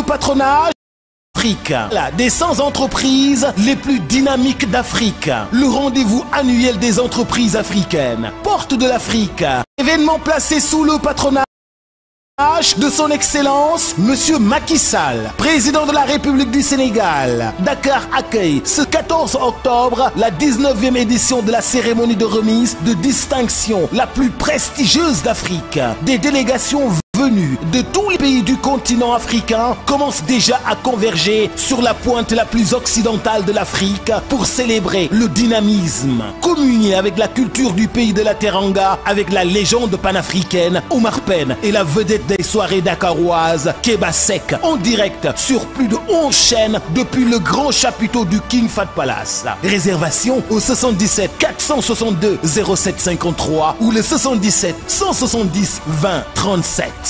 le patronage des 100 entreprises les plus dynamiques d'Afrique. Le rendez-vous annuel des entreprises africaines. Porte de l'Afrique. Événement placé sous le patronage de son excellence, Monsieur Macky Sall, président de la République du Sénégal. Dakar accueille ce 14 octobre la 19e édition de la cérémonie de remise de distinction la plus prestigieuse d'Afrique. Des délégations venus de tous les pays du continent africain commencent déjà à converger sur la pointe la plus occidentale de l'Afrique pour célébrer le dynamisme, communier avec la culture du pays de la Teranga, avec la légende panafricaine Omar Penn et la vedette des soirées dakaroises Keba en direct sur plus de 11 chaînes depuis le grand chapiteau du King Fat Palace. Réservation au 77 462 0753 ou le 77 170 20 37.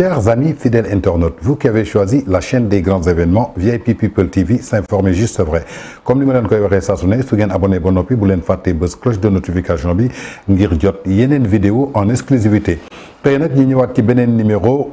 Chers amis fidèles internautes, vous qui avez choisi la chaîne des grands événements VIP People TV s'informer juste vrai comme nous ma leen koy vous vous su ne abonné ba noppi bu la cloche de notification bi vous jot une vidéo en exclusivité numéro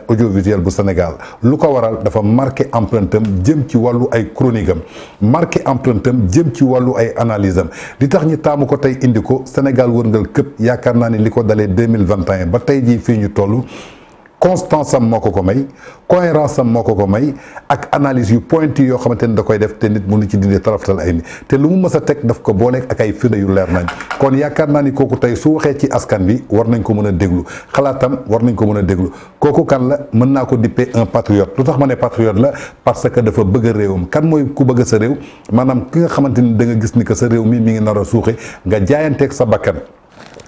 patrimoine audiovisuel bu Sénégal lu ko waral dafa marqué empreinte am jëm ci wàllu ay chronique marke marqué jëm ci wàllu ay analyse am li tax ñi taamu ko tey indi ko Sénégal wërngal këpp yaakaar naa ni li ko dalee deux mille vingt et un ba tey jii fii ñu toll. constance sam moo ko ko may cohérence am moo ko ko may ak analyse yu point yoo xamante ni da koy def te nit mënu ci dindi taraftal ay ni te lu mu mës a teg daf ko booleeg ak ay firnde yu leer nañ kon yaakaar naa ni kooku tey su waxee ci askan bi war nañ ko mën a déglu xalaatam war nañ ko mën a déglu kooku kan la mën naa ko dippee un patriote lu tax ma ne patriote la parce que dafa bëgg a réewam kan mooy ku bëgg sa réew maanaam ki nga xamante ni da nga gis ni que sa réew mi mi ngi nar a suuxe nga jaayanteeg sa bakkan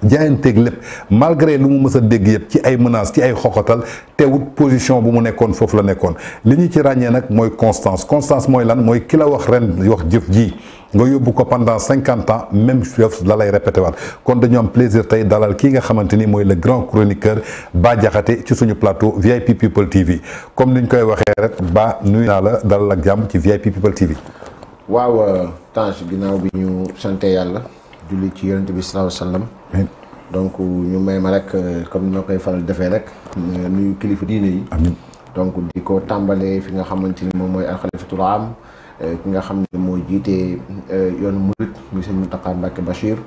jaayanteeg lépp malgré lu mu mës a dégg yëpp ci ay menaces ci ay xoxatal teewut position bu mu nekkoon foofu la nekkoon li ñu ci ràññee constance constance mooy lan mooy ki la wax ren wax jëf ji nga ko pendant cinquante ans même chose la lay répété waat kon dañu plaisir taille dalal kii nga xamante ni le grand chroniqueur Bah Diakhaté ci suñu plateau VIP People TV comme ni ñu koy waxee rek Bah nuyu naa la dalal ak ci VIP People TV. waaw euh, Tange ginnaaw bi ñu santé yàlla. julli ci yaronte bi sallallahu alayhi wasallam donc ñu may ma rek comme ñoo koy faral defee rek nuyu kilifa diiné yi amin donc diko tambalé fi nga xamanteni mom moy al khalifatul am ki nga xamné moy jité jiitee euh, yoonu mu señ mutaqa mbake bashir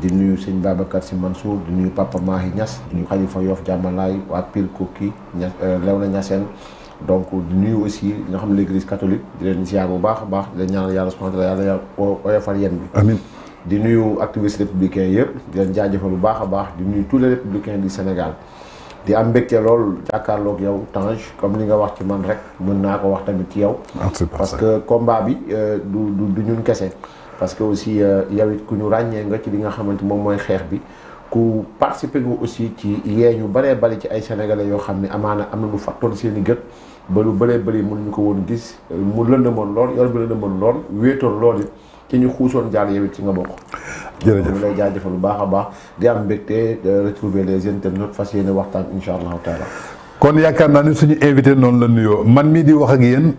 di nuyu señ babakar si Mansour di nuyu Papa Mahi ñass di nuyu xalifa Yoff Jàmmalaay waa Pire Koki Niass euh, Léona Niassène donc di nuyu aussi nga xam l'église catholique di len ziar bu baax baax di ñaan yalla subhanahu wa taala yalla yàlla oyofal yeen bi amin di nuyu activistes républicains yëpp di leen jaajëfal bu baax a baax di nuyu tous les républicains du Sénégal di am mbégte loolu jàkkaarloog yow Tange comme li nga wax ci man rek mën naa ko wax tamit ci yow. Ah, parce que combat bi euh, du du ñun kese. parce que aussi euh, yow it ku ñu ràññee nga ci li nga xamante moom mooy xeex bi ku participer nga aussi ci yee ñu baree bari ci ay sénégalais yoo xam ne amaana am na lu fàttoon seen i gët. ba lu bëree bëri mën ñu ko woon gis mu lëndëmoon lool yor bi lëndëmoon lool wéetoon lool it. ci ñu xuusoon jàll yow it ci nga bokk. jërëjëf ñu lay jaajëfal bu baax a baax di am mbégte de retrouver les internautes fas yéene waxtaan incha allahu taala. kon yaakaar naa ni suñu invité noonu la nuyoo man mii di wax ak yéen.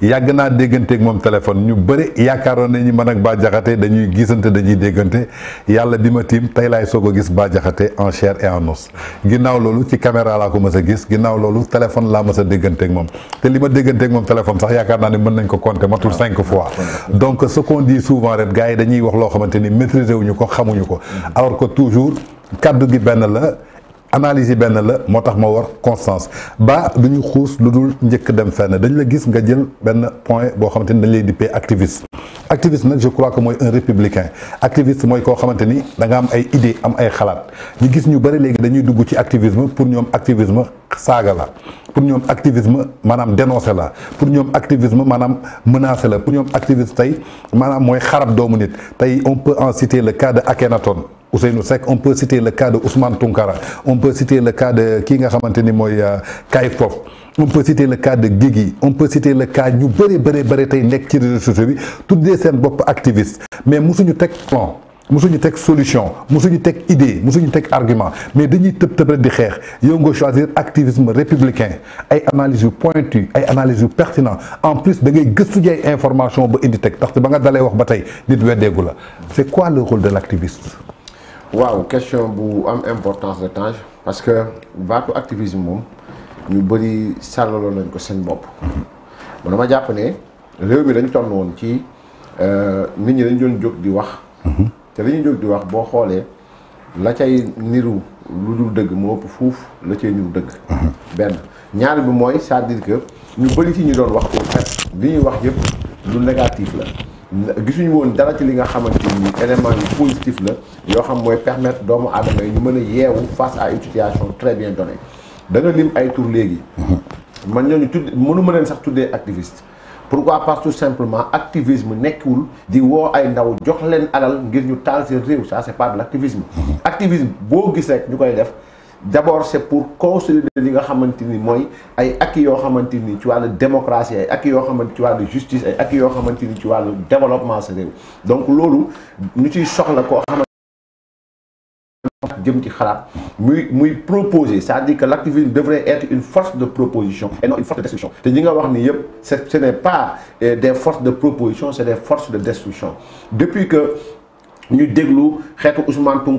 yagna naa dégganteeg moom téléphone ñu bëré yaakaaroon nañu man ak ba jaxaté dañuy gisante dañuy déggante yalla bima tim tay lay laay gis ba jaxaté en chair et en os ginnaw lolu ci caméra la ko mësa gis ginnaw lolu téléphone la mësa a dégganteeg moom te li ma dégganteeg mom téléphone sax yaakaar naa ne mën nañ ko compter matul ah, cinq fois donc ce qu'on dit souvent rek gaay dañuy wax lo xamante maîtriser wuñu ko xamuñu ko mm. alors que toujours kaddu gi ben la analyse ben la motax tax ma war constance ba duñu xoss luddul ñeuk dem fenn dañ la gis nga jël ben point bo xamanteni dañ lay dippee activiste activiste nak je crois que moy un républicain activiste moy ko xamanteni da nga am ay idée am ay xalat ñu gis ñu bari légui dañuy dugg ci activisme pour ñom activisme Saga, la pour ñom activisme manam dénoncer la pour ñom activisme manam menacer la pour ñom activisme tay manam moy xarab doomu nit on peut en citer le cas de Akhenaton Ousseynou on peut citer le cas de Ousmane on peut citer le cas de ki nga xamanteni on peut citer le cas de Guigui on peut citer le cas ñu bëri bëri bëri de nekk ci ce jeu bi tuddee seen bopp activiste mais nous musuñu teg plan nous musuñu teg solution musuñu teg idée musuñu teg argument mais dañuy tëb tëb rek di xeex yow choisi choisir activisme républicain ay analyse pointue, pointu ay analyse pertinente. en plus da ngay gëstu information ba indi parce que ba nga dalee wax ba tey nit c'est quoi le rôle de l'activiste waaw question bu am importance de temps parce que baatu activisme ñu bëri sàllaloo nañ ko seen bopp dama jàpp ne réew mi dañ toll woon ci euh, nit ñi dañ doon jóg di wax te jóg di wax la cay niru lu dëgg la dëgg ñaar bi c'est-à-dire que ñu bëri ci ñu doon wax au wax négatif la gisuñu woon dara ci li nga xamante élément positif la yoo xam mooy permettre doomu adama ñu mën a face à une situation très bien donnée da nga lim ay tour légui man ñu tudd mënu ma leen sax tuddee activiste. pourquoi parce tout simplement activisme nekkul di wo ay ndaw jox leen alal ngir ñu taal seen réew ça c'est pas de l'activisme. activisme bo gis rek def. d'abord c'est pour consolider li nga xamanteni moy ay acquis yo xamanteni ci walu démocratie ay acquis yo xamanteni ci wàllu justice ay acquis yo xamanteni ci walu développement sa réew donc lolu ñu ci soxla ko c'est-à-dire que l'activisme devrait être une force de proposition et non une force de destruction ce n'est pas euh, des forces de proposition c'est des forces de destruction depuis que nous déglu Ousmane nous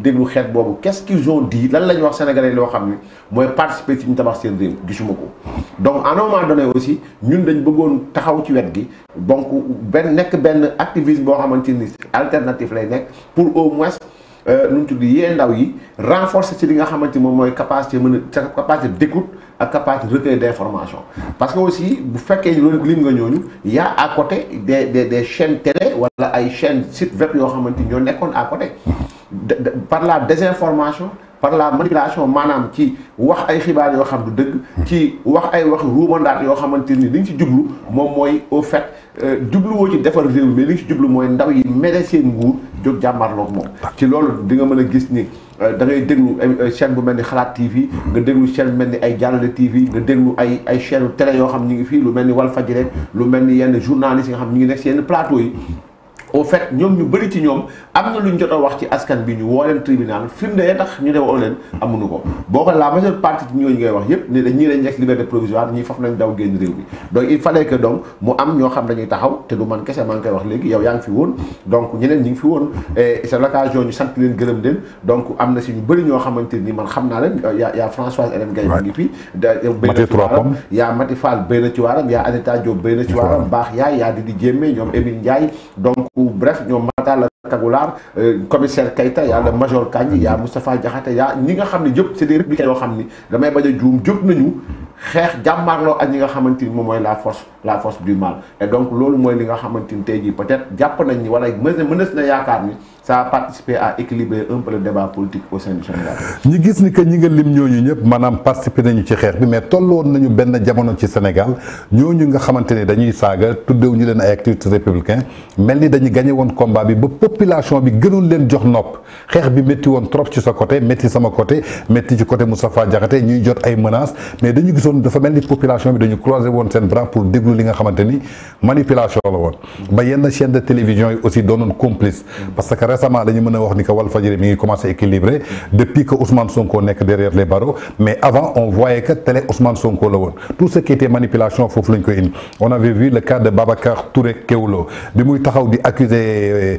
déglu qu'est-ce qu'ils ont dit lan sénégalais participer donc à un donné aussi nous nous donc activisme alternative pour au moins euh, nu mu tudd yee ndaw yi renforcer ci li nga xamante moom mooy capacité mën capacité d'écoute ak capacité de recueil d'information parce que aussi bu fekkee loolu lim nga ñooñu a à côté des des des chaînes télé wala ay chaîne site web yoo xamante ñoo nekkoon à côté par la désinformation par la manipulation manam ci wax ay xibaar yo xam du deug ci wax ay wax ruumandaat yo xamanteni ni ci jublu mom moy au fait euh, wo ci defar réew mais li ci jublu moy ndaw yi médecin nguur jóg jàmmarloog moom ci loolu di nga mën a gis ni euh, dangay ngay déglu chaîne bu mel ni xalaat TV nga déglu chaîne bu mel ni ay jàllale TV nga déglu ay ay chaîne télé yoo xam ñu ngi fii lu mel ni Walfadjri rek lu mel ni yenn journalistes yi nga xam ñu ngi nekk si yenn plateau yi au fait ñom ñu bari ci ñom amna luñu jotta wax ci askan bi ñu wolen tribunal fim de ya tax ñu dew leen amunu ko boko la majeure partie ci ñooñu ngi wax yépp ne dañ ñii dañ nekk liberté provisoire ñi faf nañ daw génn réew bi donc il fallait que donc mu am ño xam dañuy taxaw te du man kessé man ngi koy wax légui yow yaang fi woon donc ñeneen ñi ngi fi woon et c'est l'occasion ñu sant leen gëreum leen donc amna ci ñu bari ño xamanteni man xamna naa ya ya françois Françoise gay ngi fi Mati Tropam yaa Mati Fall béy na ci waram ya Anita Diop béy na ci bax ya ya di di Diémé ñom Emine ndjay donc o braço Talla Kagoulard euh, commissaire kayta ya le major Kandji ya mustapha jahata ya ñi nga xamni jop ci c'est des républicains yoo xamni damay baña joom jop nañu xex jamarlo ak ñi nga xamanteni mo moy la force la force du mal et donc lolu moy li nga xamanteni tayji peut être japp nañ ni wala meunes na yaakar ni ça participer à équilibrer un peu le débat politique au sein du Sénégal. ñi gis ni ke ñi nga lim ñoñu ñep manam participer nañu ci xex bi mais tolloon nañu ben jamono ci Sénégal ñoñu nga xamanteni dañuy saga tuddew ñu leen ay activistes républicains melni dañuy gagner won combat bi bi population bi gënoon leen jox nopp xex bi metti won trop sur sa côté metti sama côté metti ci côté Moustapha Diakhaté ñuy jot ay menaces mais dañu gisoon dafa melni population bi dañu croiser won sen bras pour déglu li nga xamanteni manipulation la y ba yenn chaîne de télévision yi aussi un complice. parce que récemment dañu mëna a wax ni que Walfadjri mi ngi commencé équilibrer depuis que Ousmane Sonko nek derrière les barreaux mais avant on voyait que télé Ousmane Sonko la won tout ce qui était manipulation fofu lañ ko indi on avait vu le cas de Babacar Touré Keulo bi muy taxaw di accuser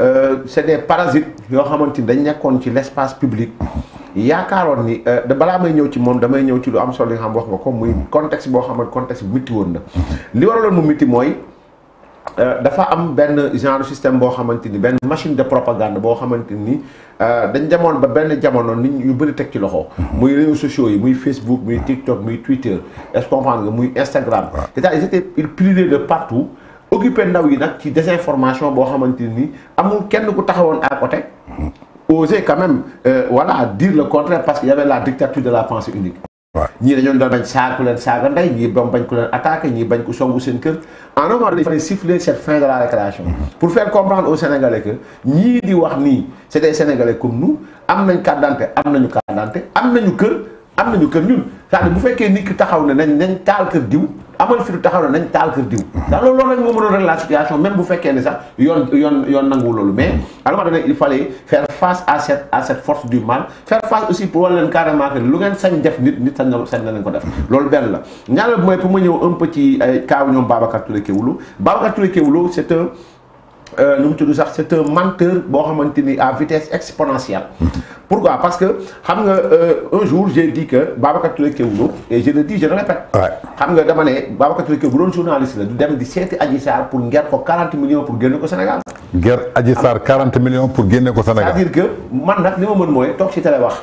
Euh, c' est des yoo xamante ni dañ nekkoon ci l' espace public yaakaaroon ni euh, balaa may ñëw ci moom damay ñëw ci lu am solo li nga xam wax nga ko muy contexte boo xam ne contexte bu mitti woon na li waraloon mu mitti mooy euh, dafa am benn genre système boo xamante ni benn machine de propagande boo xamante ni dañ demoon ba benn jamono nit yu bëri teg ci loxo. muy réseaux sociaux yi muy Facebook muy TikTok muy Twitter est-ce comprendre nga muy Instagram. c'est-à-dire ils occupé ndaw yi nag ci désinformation bo xamanteni amul kenn ku taxawoon à côté oser quand même euh, voilà dire le contraire parce qu'il y avait la dictature de la pensée unique waaw dañu dañoon doon bañ saaku leen saaga ndey ni doon bañ ku leen attaqué ni bañ ku songu sen kër en un moment donné il fallait siffler cette fin de la récréation mm-hmm. pour faire comprendre aux Sénégalais que ni di wax ni c'est des Sénégalais comme nous am nañ carte d'identité am nañu carte d'identité am nañu kër am nañu kër ñun cest bu fekkee nit ki taxaw nañ nañ taal kër diw amal fi lu taxaw na nañ taal kër diw mhm. ndax loolu loolu rek moo la situation même bu fekkee ne sax yon yon yon nangou lolu mais à un il fallait faire face à cette à cette force du mal faire face aussi pour wane leen carrément que lu ngeen sañ def nit nit sañ na sañ ko def lolu ben la ñaareel moy pour ma ñëw un petit kaaw ñom Babacar Touré Kéwoulo Babacar Touré Kéwoulo c'est un euh, c'est un menteur boo à vitesse exponentielle. Mhm. pourquoi parce que xam nga euh, un jour j'ai dit que Babacar Touré et je le dis je le répète. xam nga dama ne Babacar Touré Kewoulo bu journaliste la du dem di seeti Adji Sarr pour nger 40 millions pour guérir ko Sénégal. guerre Adji Sarr 40 millions pour guérir ko Sénégal. c'est-à-dire que man je li ma je mooy toog ci télé wax.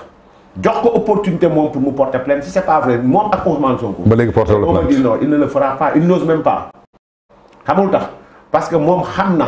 jox ko opportunité pour me porter plainte si c'est pas vrai moi, ak Ousmane Sonko. ba porter non il ne le fera pas il n'ose même pas. parce que moi je na.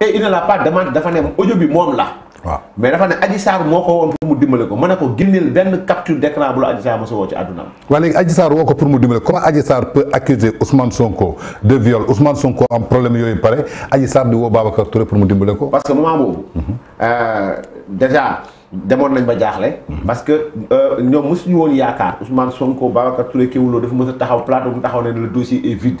et il ne l'a pas demandé dafa ne audio bi la. mais dafa ne Adji Sarr moo ko pour mu dimbale ko ma ne ko génneel benn capture d'écran bu la Adji Sarr mos a woo ci àddunaam. Sarr pour mu dimbale comment Adji Sarr peut accuser Ousmane Sonko de viol Ousmane Sonko un problème yooyu pare Adji Sarr di woo Babacar Touré pour mu dimbale ko. parce que moment boobu. Mhm. Euh, déjà demoon nañ ba jaaxle. Mhm. parce que euh, ñoom mosuñu woon yaakaar Ousmane Sonko Babacar Touré Kewoulo dafa mën a taxaw plat, bu taxaw ne le dossier est vide.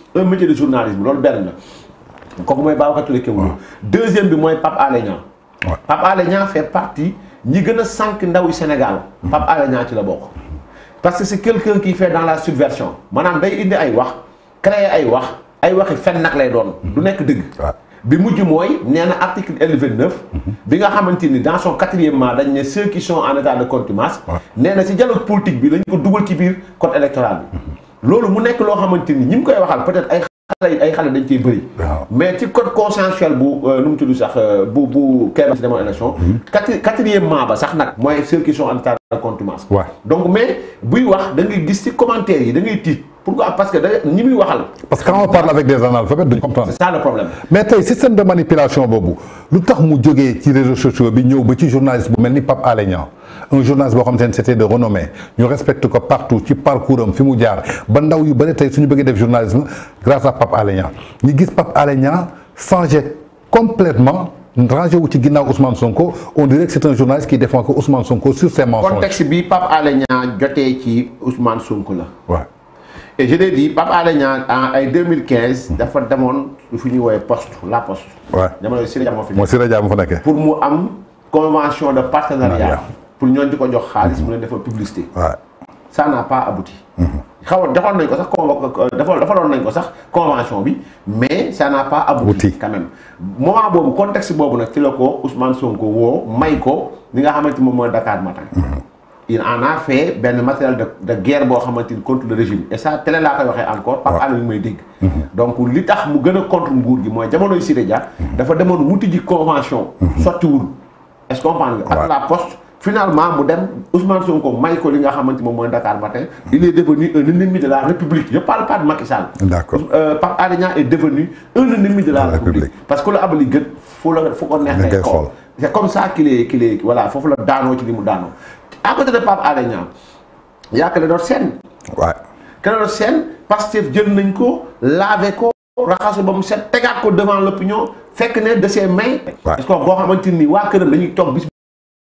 un métier de journalisme loolu benn la kooku mooy je Touré à deuxième bi mooy Pape Alé Niang Pape Alé fait partie ñi gën a sànq ndawu Sénégal Pape Alé est ci la parce que c'est quelqu'un qui fait dans la subversion maanaam day indi ay wax créer ay wax ay waxi fen nag lay doon mm-hmm. du nekk dëgg bi mujj mooy nee article L29 mm-hmm. bi nga xamante dans son quatrième dañ ne ceux qui sont en état de contumace nee na ci dialogue politique bi lañ ko dugal ci biir code électoral mm-hmm loolu mu nek lo xamanteni ñim koy waxal peut-être ay xalé ay xalé dañ cey bëri. mais ci code consensuel bu euh, nu tudu sax euh, bu bu Kelle si 4 élection. Hmm. quatrièmement ba sax nak moy ceux qui sont en état de contumace. donc mais buy wax da ngay gis ci commentaire yi da ngay tiit. pourquoi parce que da ñi muy waxal. parce que quand on parle avec des analphabètes duñ comprendre. c'est ça le problème. mais tay système de manipulation bobu lu tax mu joggé ci réseaux sociaux bi ñew ba ci journaliste bu melni pap Pape un journaliste c'était de renommée Nous respectons ko partout ci parcours fi mu jaar ba ndaw yu bari tay suñu journalisme grâce à Pape Alé Niang ñu gis Pape Alé changer changé complètement ci Ousmane Sonko on dirait que c'est un journaliste qui défend Ousmane Sonko sur ses mensonges. contexte bi Pape Alé joté ci Ousmane Sonko la. et je l'ai dit Pape Alé en 2015. dafa demoon fini ñuy poste la poste. pour mu am convention de partenariat pour ñoon di ko jox xaalis mhm. mu leen defal publicité. waaw ça n'a pas abouti. Mhm. xaw a defoon nañ ko sax convo defaloon nañ ko sax convention bi mais ça n'a pas abouti quand même moment bobu contexte bobu nak ci la ko Ousmane Sonko wo may ko li nga xamante moom mooy Dakar Matin mhm. il en a fait ben matériel de de guerre bo xamante contre le régime et ça télé la koy waxee encore par àll bi may dégg donc li tax mu gëna contre nguur gi moy jamonoy Sidé Dia dafa demoon wuti ji convention sorti wul est-ce qu'on comprendre nga la poste finalement mu dem Ousmane Sonko may li nga Dakar Matin il est devenu un ennemi de la République je parle pas de Macky Sall d'accord euh, Pape Alé est devenu un ennemi de la République parce que le abali gët foo la foo ko c'est comme ça qu'il est qu'il est voilà faut la daanoo ci li mu daanoo à côté de Pape Alé il y a Sène waaw Clédor Sène Pastef jël nañ ko lavé ko raxasu ba mu ko devant l'opinion fekk ne de ses mains parce que voit xamante ni waa këram dañuy toog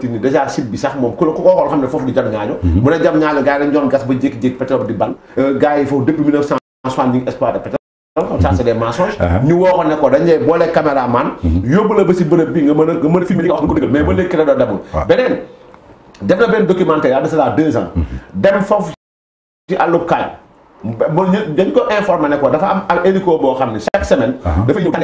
tini déjà site bi sax mom ku ko xol xamne fofu di jam ñaañu mhm. mu ne jam ñaañu gaay dañ doon gas ba jek jek pétrole di ban euh, gaay fofu depuis 1960 ñu espoir de pétrole comme ça c'est des mensonges ah ah. ñu woxo ne ko dañ lay bolé caméraman mhm. yobul la ba ci bërepp bi nga mëna nga mëna filmer li nga wax ko deugal mais ba lek crédo dabul ah. benen def na ben documentaire de cela 2 ans mhm. dem fofu ci alukay bon dañ ko informer ne ko dafa am hélico bo xamne chaque semaine dafa ñëw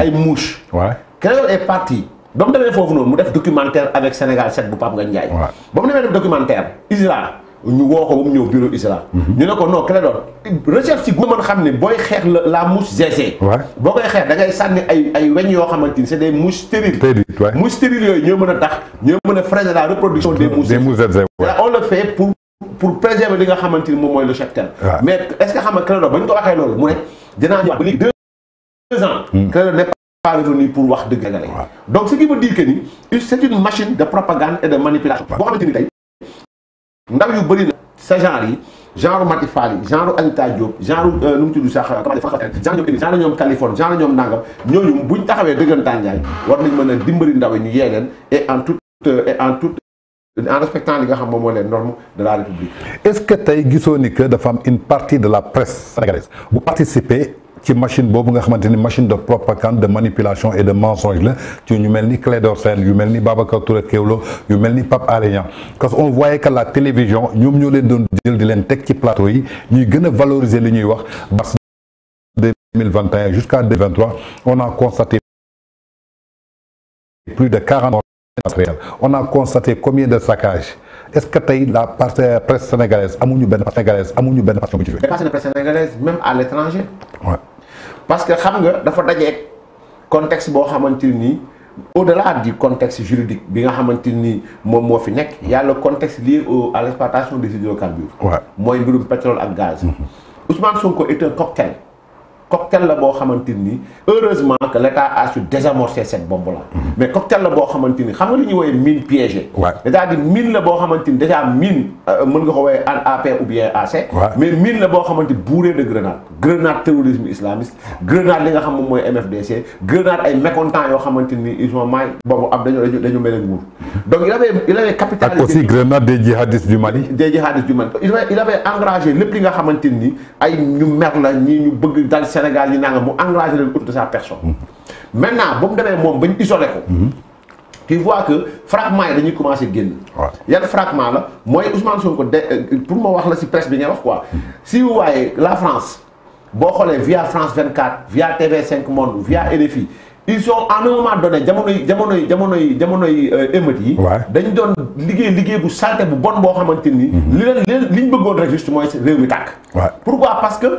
ay mouche ouais crédo est parti ba mu demee foofu noonu mu def documentaire avec Sénégal 7 bu Pape Ngagne Ndiaye. waaw ba mu demee def documentaire ISRA ñu woo ko ba mu ñëw bureau ISRA. Mhm. ñu ne ko non Clédor recherche si bu mën xam ne booy xeex la la mouche GG. waaw boo koy xeex da ngay sànni ay ay weñ yoo xamante ni c' est des mouches stériles. stériles waay mouches stériles yooyu ñoo mën a tax. ñoo mën a freiner la reproduction des mouches. des mouches GC on le fait pour pour préserver li nga xamante ni moom mooy le cheptel. mais est ce que xam nga Clédor ba ñu ko waxee loolu mu ne dinaa ñëwaat ba léegi deux ans. Hmm. Clédor pas revenu pour wax de sénégalais donc ce qui veut dire que ni c'est une machine de propagande et de manipulation boo xamante ni tey yu bëri na genre yi genre Matifali, Fall yi genre Anita Diop genre euh, nu mu tudd sax euh, genre ñoom genre Californie genre ñoom nangam ñooñu buñ taxawee dëggantaan yaay war nañ mën a dimbali ndaw yi ñu yee et en toute euh, et en toute en respectant li nga xam normes de la République est-ce que tey gisoo ni que dafa am une partie de la presse sénégalaise bu participer ci machine bobu nga xamanteni machine de propagande de manipulation et de mensonge la ci ñu melni ni Clédor yu melni ni Babacar Touré Kewlo yu melni ni Pape Alé parce qu'on on voyait que la télévision nous, ñoo leen doon jël di leen teg ci plateau yi ñuy gëna valoriser li ñuy wax 2021 jusqu'à 2023 on a constaté plus de 40 réels on a constaté combien de saccages est-ce que as la presse sénégalaise amuñu benn sénégalaise amuñu benn bu ci presse sénégalaise même à l'étranger. Ouais. parce que xam nga dafa dajeeg contexte boo xamante ni au-delà du contexte juridique bi nga xamante ni moom moo fi nekk yàlla a le contexte lié au à l'exploitation des hydrocarbures. waaw mooy mbirum pétrole ak gaz. Mm-hmm. Ousmane Sonko est un cocktail cocktail la bo xamanteni heureusement que l'État a su désamorcer cette bombe là. Mhm. mais cocktail la bo xamanteni xam nga li ñuy mine piégée. waaw c' à dire mine la bo xamanteni ni déjà mine euh, mën nga ko woowee AP ou bien AC. mais mine la bo xamanteni ni de grenade. grenade terrorisme islamiste grenade li nga xam moy MFDC grenade ay mécontents yo xamanteni ils ont maay bobu am dañu dañu mel ne nguur donc il avait il avait capitalisé. aussi grenade des djihadistes du Mali. des djihadistes du Mali il avait engagé avait engrangé li nga xamanteni ay ñu mer la ñi ñu bëgg dal Sénégal ni nangam mu de sa personne. maintenant mu que fragment la euh, pour si quoi. si vous voyez la France via France 24 via TV5 Monde via RFI. ils sont à un moment donné jamono jamono jamono jamono euh, dañ doon ligue bon pourquoi parce que.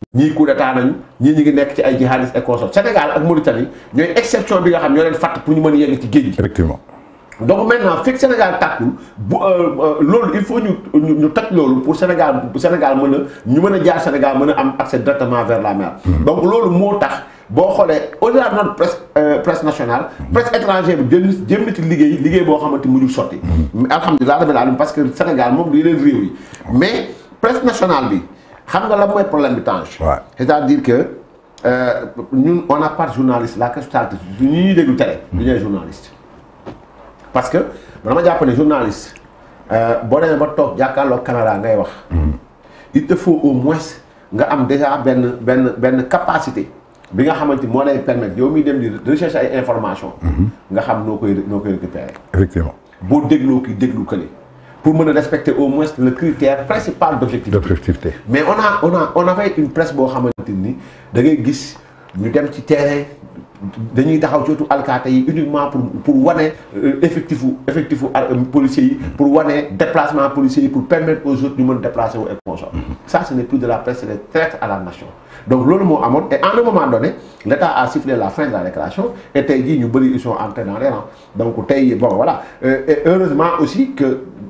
ni coup d'état nañu ñii ñi ngi nekk ci ay jihadistes et consorts Sénégal ak Mauritanie ñoy exception bi nga xam ñoo leen fàtt pour ñu mëna a yegg ci géej gi. effectivement donc maintenant fekk Sénégal tàkkul bu euh, euh, loolu il faut ñu ñu toj loolu pour Sénégal Sénégal mëna ñu mëna a jaar Sénégal mëna am accès directement vers la mer. Hmm. donc loolu moo tax. boo xoolee au-delà de notre presse euh, presse nationale hmm. presse étrangère bi jëm jëm na ci liggéey liggéey boo xamante mujjul sotti hmm. alhamdulilah rabbil alamin parce que Sénégal moom du yeneen réew yi mais presse nationale bi xam nga la moy problème bi Tange. c'est-à-dire que euh, ñun on a pas journaliste journaliste la question du ñi déglu télé. du journaliste. parce que man japp né journaliste euh bo demee ba tok jakarlo Canada ngay wax. Mm. il te faut au moins nga am déjà ben ben ben capacité bi nga xamante mo lay permettre yow mi dem di recherche ay information mm-hmm. nga xam noo koy noo koy récupérer. effectivement boo déglu ki déglu kele pour me respecter au moins le critère principal d'objectivité mais on a on a on avait une presse qui xamante ni da de ñu terrain dañuy taxaw cootu tout uniquement pour pour wane effectif euh, effectif euh, policiers pour les déplacement policiers pour permettre aux autres de déplacer au et mm-hmm. ça ce n'est plus de la presse c'est des traîtres à la nation donc loolu moo amoon et à un moment donné l'État a sifflé la fin de la récréation et tey dit ñu ils sont entrés dans l'air donc donc tey bon voilà euh, et heureusement aussi que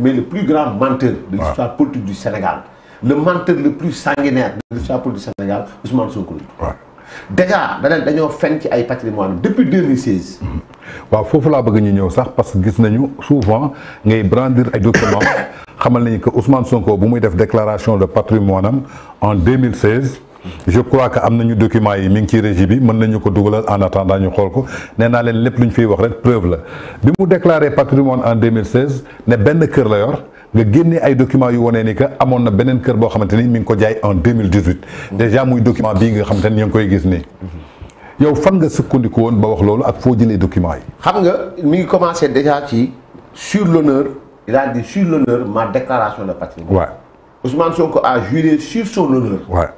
mais le plus grand menteur de l'histoire politique du Sénégal le menteur le plus sanguinaire de l'histoire politique du Sénégal Ousmane Sonko déjà nous avons fait fen patrimoine depuis 2016. Il faut que nous ñu ñëw parce que nous avons souvent ngay brandir des documents xamal que Ousmane Sonko a fait une déclaration de patrimoine en 2016 je crois que am nañu document yi mi ngi ci régie bi mën nañu ko dugalal en attendant ñu xool ko nee naa leen lépp lu ñu fiy wax rek preuve la bi mu déclarer patrimoine en 2016 ne benn kër la yor nga génne ay document yu wonee ni que amoon na beneen kër boo xamante ni mi ngi ko jaay en 2018 déjà muy document bii nga xamante ni ñu ngi koy gis nii yow fan nga sukkandiku woon ba wax loolu ak foo jëlee document yi xam nga mi ngi commencé déjà ci sur l'honneur il a dit sur l'honneur ma déclaration de patrimoine ouais. Ousmane Sonko a juré sur son honneur ouais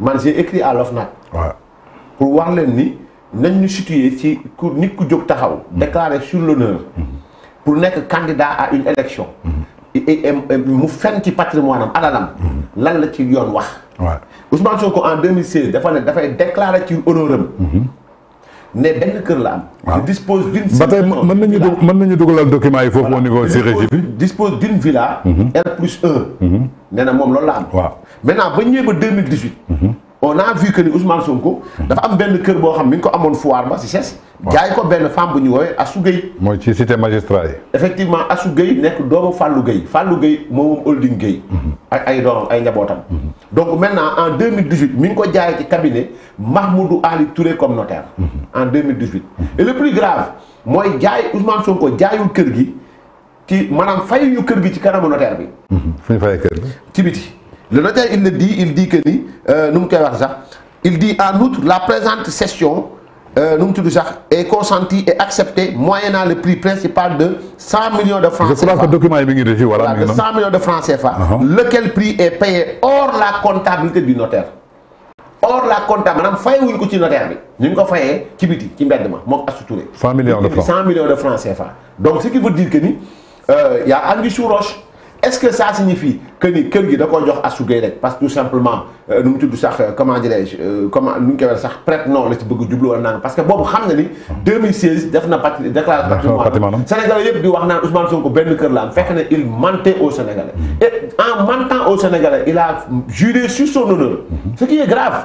man j'ai écrit à l'OFNAC pour voir les ni nous situer ci ku nit ku mhm. déclarer sur l'honneur mhm. pour être candidat à une élection. Mhm. mu fenn ci patrimoine à la qui la ci yoon wax. Ousmane Soko en 2016 dafa ne dafay déclarer ci ne ben kër la am. Ah. dispose d'une. ba tey mën nañu dugg mën nañu duggalal documents yi fofu au niveau. si régie bi dispose d'une villa. R mhm. plus 1. E. Mhm. nee na moom loolu la am. maintenant ba ñëw ba 2018 on a vu que ni Ousmane Sonko. dafa am benn keur bo xam mi ko amone foire ba ci ses jaay ko benn femme bu ñu woy Assou Gueye. moy ci cité magistrat yi. effectivement Assou Gueye nek doomu Fallou Gueye Fallou Gueye moom holding Gueye. Mhm. ak ay doomam ay njabootam. Mhm. donc maintenant en 2018 mi ko jaay ci cabinet Mahmoudou Ali Touré comme notaire. Mhm. en 2018. et le plus grave moy jaay Ousmane Sonko jaayul keur gi ci maanaam ñu keur gi ci kanam notaire bi. fu ñu fayee kër ci biti. Le notaire, il le dit, il dit que ni, euh, nous il dit en outre, la présente session euh, est consentie et acceptée moyennant le prix principal de 100 millions de francs CFA. Je que le document voilà, de 100 millions de francs CFA, lequel prix est payé hors la comptabilité du notaire. Hors la comptabilité, madame, il ou le notaire, nous avons fait qui biti, qui bêtement, manque à 100 millions de francs. 100 millions de francs CFA. Donc, ce qui veut dire que ni, il euh, y a Anguissou Roche, est-ce que ça signifie que les kër gi da jox parce que tout simplement euh, nous mu tudd sax euh, comment dirais-je euh, comment nous ñu koy sax prête non la ci bëgg jublu woon parce que Bob, xam na ni 2016 def na parti déclaration Sénégalais yëpp di wax naan Ousmane Sonko benn kër la il mentait aux Sénégalais et en mentant aux Sénégalais il a juré sur son honneur ce qui est grave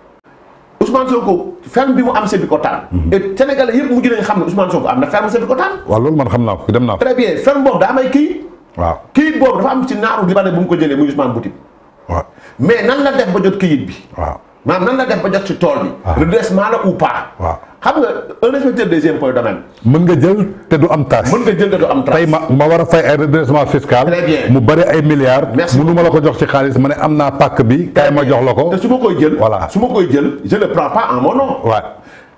Ousmane ko ferme bi mu am Sébikotane. Mhm. et Sénégalais yëpp mujj nañu xam ne Ousmane Sonko am na ferme Sébikotane. waaw loolu man xam naa ko dem naa ko. très bien ferme boobu daa am ay kayit. waaw kayit boobu dafa am ci naaru libanais bu mu ko jëlee muy Ousmane Boutib. waaw mais nan la def ba jot kayit bi. waaw. maanaam nan la def ba jot ci tool bi. Ah. redressement la ou pas. waaw xam nga un inspecteur des impôts et domaines. mën nga jël te du am taas. mën nga jël te du am taas tey ma ma war a fay ay redressement mu bëri ay milliards. merci mënu ma la ko jox ci xaalis ma ne am naa pàkk bi kaay ma jox la ko. te su ma koy jël voilà su ma koy jël je ne prends pas en mon nom. waaw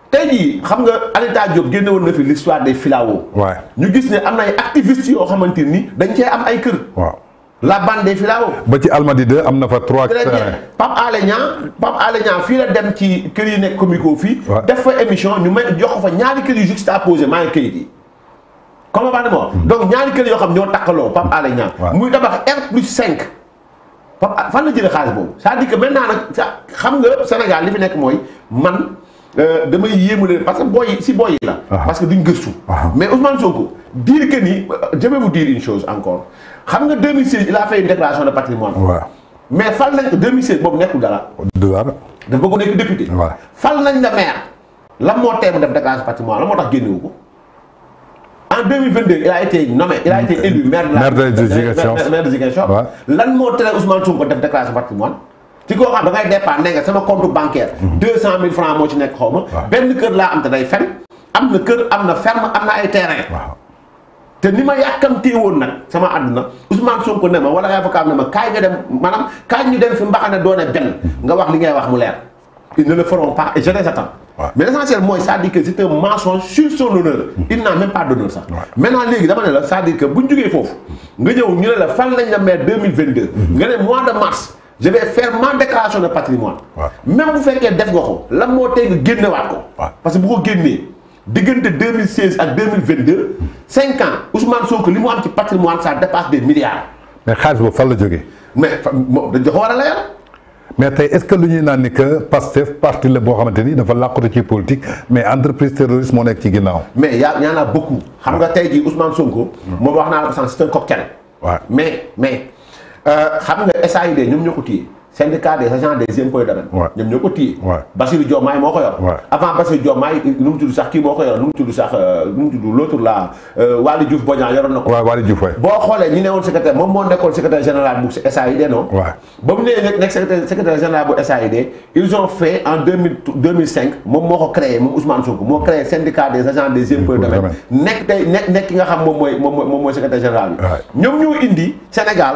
tey jii xam nga Alioune job génne woon na fi l'histoire des filaos. waaw ñu gis ne am na ay activistes yoo xamante ni dañ cee am ay kër. waaw. la bande des filao. ba ci Almadi 2 fa 3. Pape pap Pape la dem ci comico émission ñu fait jox fa ñaari juste posé poser maa dit. Comment on de moi? Hmm. donc ñaari kër yoo xam ñoo takkaloo Pape muy tabax R plus 5. fan la que maintenant Sénégal li fi moi, man euh, parce que boy, si boy la. Ah. parce que ah. mais Ousmane Sonko dire que ni je vais vous dire une chose encore xam nga 2016 il a fait une déclaration de patrimoine waaw mais fal nañ ko 2016 boobu nekkul dara. du dara. dafa bëgg nekk député. waaw fal nañ la maire. lan moo tee def déclaration de patrimoine lan moo tax génné ko en 2022 il a été nommé il a été élu maire de la maire de Ziguinchor maire de Ziguinchor lan moo tere Ousmane Sonko def déclaration de patrimoine ci ko xam da ngay départ ne nga sama compte bancaire. 200 mhm. 000 francs mo ci nek xaw ma. benn kër la am da day fen Amna kër amna ferme amna ay terrain té nima ma won nak sama àdduna Ousmane Sonko néma wala ay fakam néma kay kaay nga dem manam kaay ñu dem fi mbaxana doone benn nga wax li ngay wax mu leer ils ne le feront pas et je les attends mais l'essentiel mooy ça dit que c'est un mensonge sur son honneur il n'a même pas d'honneur sax maintenant légui dama né la ça dit que bu ñu fofu nga ñew ñu ne la fan lañ la mettre 2022 mm-hmm. nga né mois de mars je vais faire ma déclaration de patrimoine même bu féké def goxo ko mo moo guéné wat génnewaat ko parce que bu ko guéné diggante 2016 ak 2022 5 ans Ousmane Sonko limu am ci patrimoine ça dépasse des milliards. mais xaalis boobu fa la jógee. mais fa moom dañ jox war a mais tay est-ce que lu ñuy naan ni que Pastef parti la boo xamante dafa làqatu ci politique mais entreprise terroriste mo nek ci ginnaw mais ya ñana beaucoup. xam nga tay ji Ousmane Sonko. Mm-hmm. mo wax na la ko sànq c'est un cocktail. waaw mais mais euh, xam nga SAID ñoom ñoko ko syndicat des agents des impôts et domaines. ñoom ñoo ko parce avant Bassirou Diomaye nous mu tudd sax kii moo yor euh, l'autre là euh, Diouf Oui secrétaire général bu SAID non. Oui secrétaire général ils ont fait en 2005 mille deux syndicat des agents des impôts et domaines. secrétaire général ñoo indi Sénégal.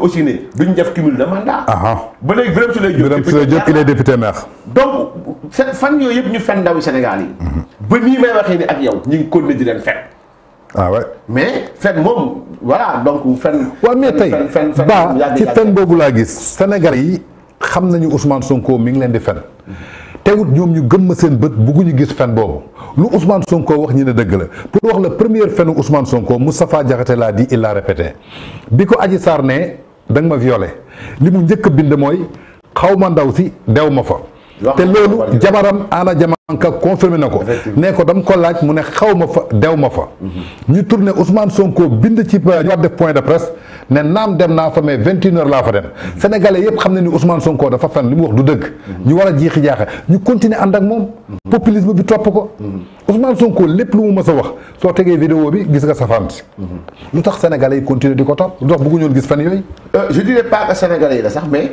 aussi duñ def cumul de mandat. ah ah ba il est député maire. donc seen fan yooyu yeb ñu fen ndawi Sénégal yi. Mhm. ba ni may waxé ni ak yow di ah mais mom voilà donc fen. wa mais tay ba ci bobu la gis. Sénégal yi xam nañu Ousmane Sonko teewut ñoom ñu ma seen bët bugguñu gis fen boobu lu Ousmane Sonko wax ñi ne dëgg la pour wax la première fenu usmaan Sonko Moustapha Diakhaté laa di illaa l'a répété bi ko aji Sarr ne da nga ma violé li mu njëkk a bind mooy xaw ma ndaw si dew ma fa. te loolu jabaram Anna Diamanka confirmé na ko ne ko dama ko laaj mu ne xaw ma fa dew ma fa mhm. ñu tourné Ousmane Sonko bind ci euh, ñuwaat def point de presse ne naam dem naa fa mais vingt une heures laa fa dem mhm. sénégalais yëpp xam ne ni Ousmane Sonko dafa fen li mu wax du dëgg mhm. ñu war a jiixi jaaxe ñu continuer ànd ak moom populisme bi topp ko Ousmane Sonko lépp lu mu mës a wax soo tegee vidéo bi gis nga safaan si lu tax sénégalais yi continuer di ko topp lu tax bëgguñoon gis fan yooyu euh, je dirais pas que sax mais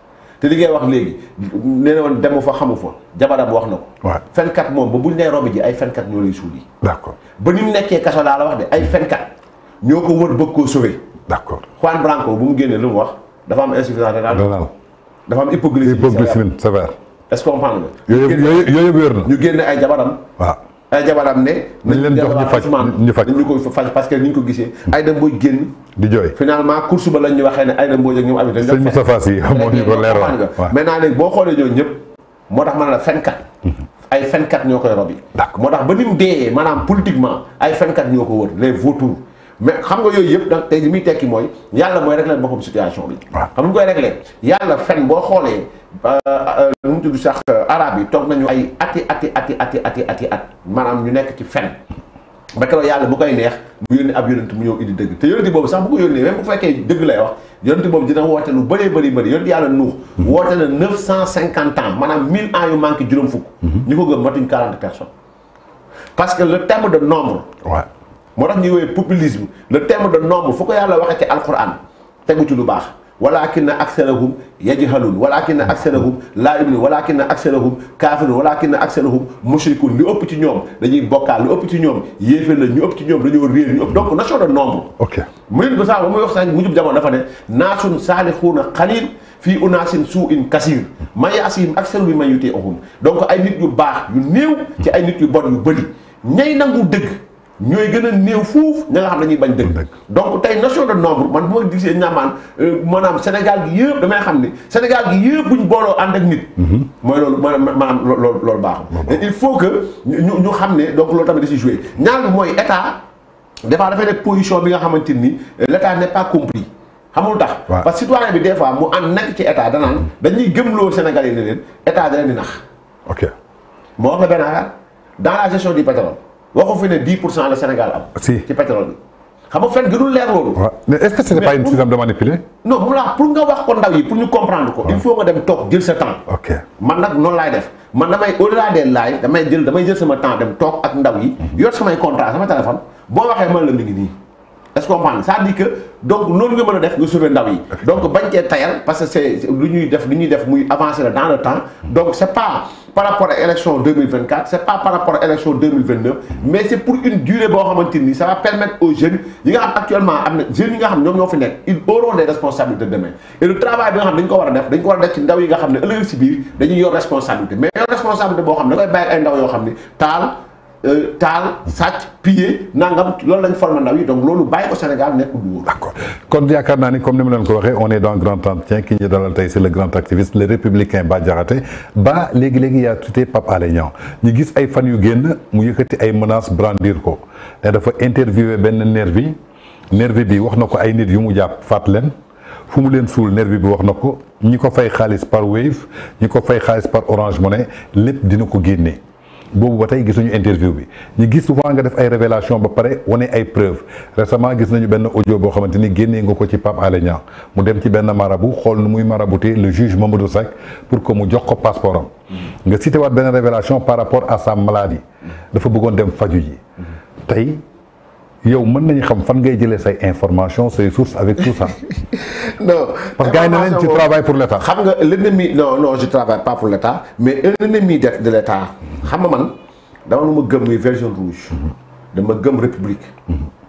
te li ngay wax léegi nee na woon demu fa xamu fa jabaram wax na ko. waaw fenkat moom ba bu nee romb ji ay fenkat ñoo lay suul yi. d'accord ba ni mu nekkee kaso laa la wax de ay fenkat ñoo ko wër bëgg koo sauver. d'accord Juan Branco bu mu génnee lu mu wax dafa am insuffisance rénale. dafa am hypoglycémie sévère hypoglycémie sévère. est-ce que comprendre nga. yooyu yooyu wér na ñu génne ay jabaram. waaw. ay jabaram ne. nañ leen jox ñu faj ñu faj parce que ni ñu ko gisee. Aïda Mbodj génn. di jooy finalement course ba lañ ñu waxee ne Aïda Mbodj ak ñoom Habib. dañ ko fekk sëñ Moustapha Sy moo ñu boo xoolee ñooñu ñëpp moo tax man la fenkat mhm. ay fenkat ñoo koy robi. moo tax ba ni mu dee maanaam politiquement ay fenkat ñoo ko wër les vautours mais xam nga yooyu yëpp vous tey a réglé situation bi. xam nga il y a le boo xoolee euh, euh, euh, nu mu tudd sax arab yi nañu ay at ñu nekk ci bu koy neex ans ans hmm. personnes parce que le terme de nombre moo tax ñuy woowee populisme la terme de nombre fu ko yàlla waxee ci alquran tegu ci lu baax walakinna aksarahum yajhalun walakinna aksarahum laa yu'minun walakinna aksarahum kaafirun walakinna aksarahum mushrikun li ëpp ci ñoom dañuy bokkaal lu ëpp ci ñoom yéeféer la ñu ëpp ci ñoom dañoo réer ñu ëpp donc nation de nombre ok munit ba sax ba muy wax sax mujub jamono dafa ne naasun saalixuuna xaliil fii unaasin suu in kasiir man yaasihim aksaru bi man yutiihum nit yu baax yu néew ay nit yu bon yu bëri ñooy gën a néew foofu ña nga xam dañuy bañ dëgg donc tey notion de nombre man bu ma gisee ñaamaan euh, maanaam Sénégal gi yëpp damay xam ni Sénégal gi yëpp buñ booloo ànd ak nit mhm. mooy loolu maanaam loolu loolu baaxul il faut que ñu ñu xam ne donc loolu tamit da si joué ñaar bi mooy état dafaa dafay nekk position bi nga xamante ni euh, l' état n' est pas compris xamul tax parce que citoyen bi des fois mu ànd nekk ci état danaan mhm. dañuy gëmloo Sénégal yi ne leen état da leen di nax ok moo wax la benn affaire dans la gestion du pétrole waxu fi ne 10 pour cent la Sénégal am. si ci pétrole bi. xam nga fenn leer loolu. mais est-ce que ce n'est pas une système de manipuler. non moom laa pour nga wax ko ndaw yi pour ñu comprendre ko. il faut nga dem toog jël sa temps. ok man nag noonu laay def man damay au-delà des live damay jël damay jël sama temps dem toog ak ndaw yi. Mhm. yor samay contrat sama téléphone boo waxee man la mi ngi nii. est-ce qu'on comprend Ça dit dire que donc nous nga mën def nga sauver ndaw yi donc bañ parce que c'est avons avancé def def avancer dans le temps donc c'est pas par rapport à l'élection 2024 c'est pas par rapport à l'élection 2029 mais c'est pour une durée boo ça va permettre aux jeunes yi nga actuellement jeunes yi nga xam ils auront des responsabilités demain et le travail bi nga xam dañ ko ont def dañ ko responsabilité mais les responsabilité de xam ne da koy bàyyi ay ndaw euh, tal, sat, pier, nangam loolu lañ formé ndaw yi donc loolu baye au Sénégal nekk du wóor. d' accord kon yaakaar naa ni comme ni mo leen ko waxé on est dans grand entretien Qui ñu dalal tay c'est le grand activiste le républicain Bah Diakhaté Bah légui léegi yaa tuté Pape Alé Niang ñu gis ay fan yu génn mu yëkëti ay menaces brandir ko dafa interviewé ben nervi nervi bi wax na ay nit yu mu japp fat leen fu mu leen sul nervi bi wax na ñi ko fay xaliss par Wave ñi ko fay xaliss par Orange Money lépp dina ko génnee bobu batay tey gisuñu interview bi ñu gis souvent nga def ay révélation ba paré woné ay preuves récemment gis nañu benn audio bo xamanteni génné nga ko ci Pape Alé mu dem ci benn marabu xol nu muy marabouté le juge Mamadou Seck pour que mu jox ko passeport nga cité waat benn révélation par rapport à sa maladie dafa bëggon dem faju ji tay yow mën nañu xam fan ngay jëlee say information say sources avec tout ça. non parce que gars yi tu travailles pour l'État. état. xam nga l' non non je travaille pas pour l'État. mais un ennemi de de l' état xam nga man dama ma gëm muy version rouge. dama gëm république.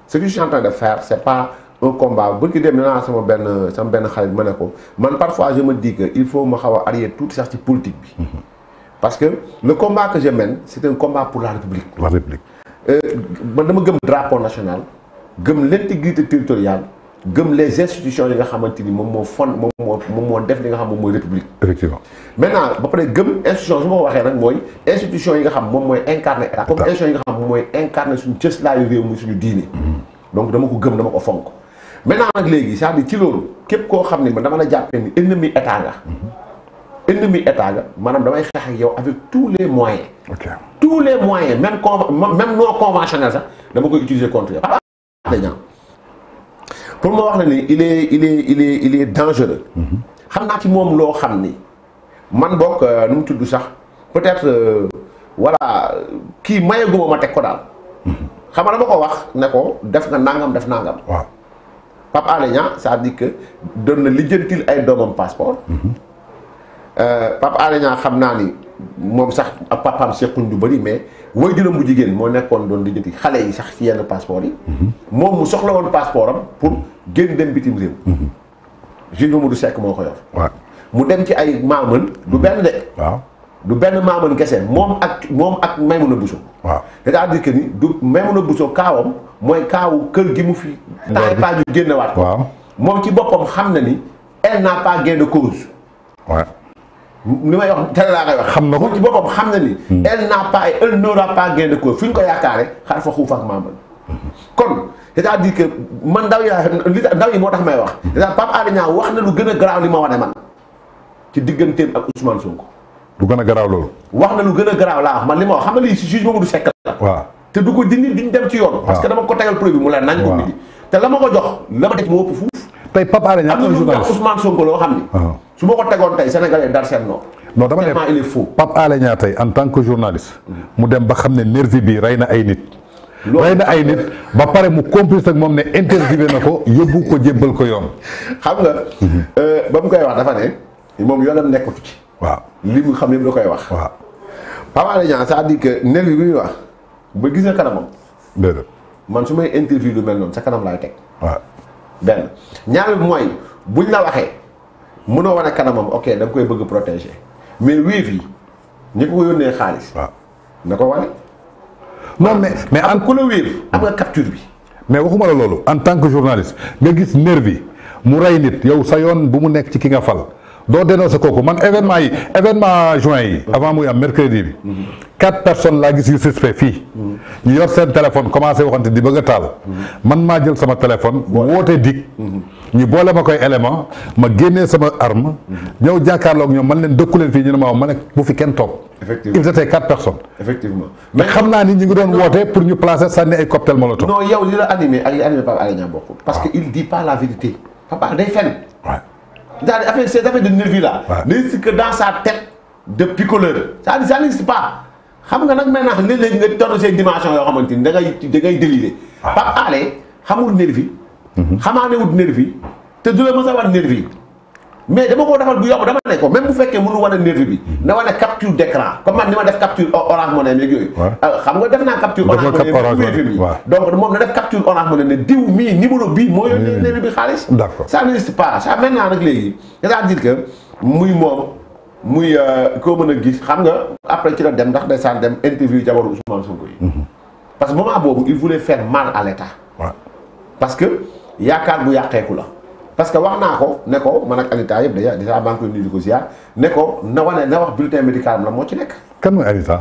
ce que je suis en train de faire c' est pas un combat bu ki dem naa sama benn sama benn xarit ma man parfois je me dis que il faut ma xaw a arrière tuuti sax politique mhm. parce que le combat que je mène c'est un combat pour la république. la république. Euh, man dama gëm drapeau national l'intégrité territoriale gëm les institutions yi nga république. effectivement maintenant ba paré gëm institutions yi nga xam comme mm-hmm. donc dama ko gëm dama maintenant nak légui cest dire ci dama avec tous les moyens tous les moyens même même non conventionnels utiliser contre ah, pour moi il est il est il est il est dangereux. un mm-hmm. un ci euh, euh, mm-hmm. ne pas peut-être voilà qui ma ko je ne na nangam def nangam. ça dit que que donne passeport. Mm-hmm. Euh, Pape Alé Niang xam naa ni moom sax ak papaam sequñ du bëri mais way juróom bu jigéen moo nekkoon doon di jëti xale yi sax ci yenn passeport yi mhm. moom mu soxla woon passeport am pour génn dem bitim réew mhm. Jules Mamadou Seck moo ko mu dem ci ay maaman du benn de waaw du benn maaman kese moom ak moom ak Maimouna Bousso waaw c'est-à-dire que ni du Maimouna Bousso kaawam mooy kaawu kër gi mu fi temps pas ñu génnewaat ko moom ci boppam xam na ni elle naa pas gain de li may wax tere laa koy wax. xam na ko ci boppam xam na ni. Hmm. elle n'a pas et elle n'aura gain de cause fu ñu ko yaakaare xar fa xuuf ak maam kon man ndaw yaa li ndaw yi moo tax may wax. Hmm. c'est-à-dire Pape Alé Niang na lu gën a garaaw li ma wane man. ci digganteem ak Ousmane Sonko. lu gën a garaaw wax na lu gën a garaaw laa wax li ma xam nga lii si juge Mamadou Seck la. waaw te dem ci yoon. parce que dama ko tegal preuve bi mu la nañ ko midi. te la ma ko jox la ma teg moo ëpp fuuf. tey Pape loo xam ni. Ah. su ma ko tegoon tey sénégalais dar seen non. non dama ne il est faux. Pape tey en tant que journaliste. mu dem ba xam ne nervi bi rey na ay nit. rey na ay nit ba pare mu complice ak moom ne interviewé na ko yóbbu ko jébbal ko yoon. xam nga. Euh, ba mu koy wax dafa ne moom yoonam nekkatu ci. waaw li mu xam yëpp da koy wax. waaw Pape Alé Niang c'est-à-dire que nervi bi wax ba gis nga kanamam. man su may interview lu mel noonu sa kanam laay teg. benn ñaareel bi mooy buñ la waxee mënoo wane kanamam ok da koy bëgg protéger mais Wave yi ñi ko yónnee xaalis. waaw ko wane. non mais mais en ku la Wave am nga capture bi. mais waxuma la loolu en tant que journaliste nga gis nervi mu rey nit yow sa yoon bu mu nekk ci ki nga fal. doo dénoncé kooku man événement yi événement juin yi mm-hmm. avant muy mercredi bi mm-hmm. quatre personnes la gis yu suspect fi mm-hmm. ñu yor sen téléphone commencé waxante di bëgg taal man ma jël sama téléphone woté dik ñu bolé ma koy élément ma génnee sama arme ñëw jàkkaarloog ñom man leen dëkku fi ñu ma ma ne bu fi kenn toog effectivement ils étaient quatre personnes effectivement mais xamna ni ñi ngi doon woté pour ñu placer sànni ay cocktail molotov non yow lila animé ay animé Pape Alé Niang bokkul parce ah. que il dit pas la vérité papa day fen affaires, ces affaires de nervi là Mais c'est que dans sa tête de picoleur ça ça n'existe pas xam nga nak mais nak ni nga toll ces dimensions yo xamante da ngay da ngay délirer Pape Alé xamul nervi mhm. xamaanewut nervi te du la mës war nervi mais dama ko defal bu yomb dama ne ko même bu fekkee mënu wone nervi bi na wone capture d'écran comme man ni ma def capture orange money yeeg yoy euh, xam nga def na capture orange money bi donc mom na def capture orange money ne diw mi numéro bi mo yone hmm. nervi bi xaalis ça n'existe pas ça maintenant nag léegi c'est-à-dire que muy mom muy euh, ko mën a gis xam nga après ci la dem ndax ndeysaan dem interview jabaru Ousmane Sonko yi mhm. parce que moment bobu il voulait faire mal à l'état parce que yakar bu yàqeeku la parce que wax naa ko ne ko man ak Alita yëpp déjà maa ngi koy nuyu di ko ziar ne ko na wane na wax bulletin médical am la moo ci nekk. kan mooy Alita.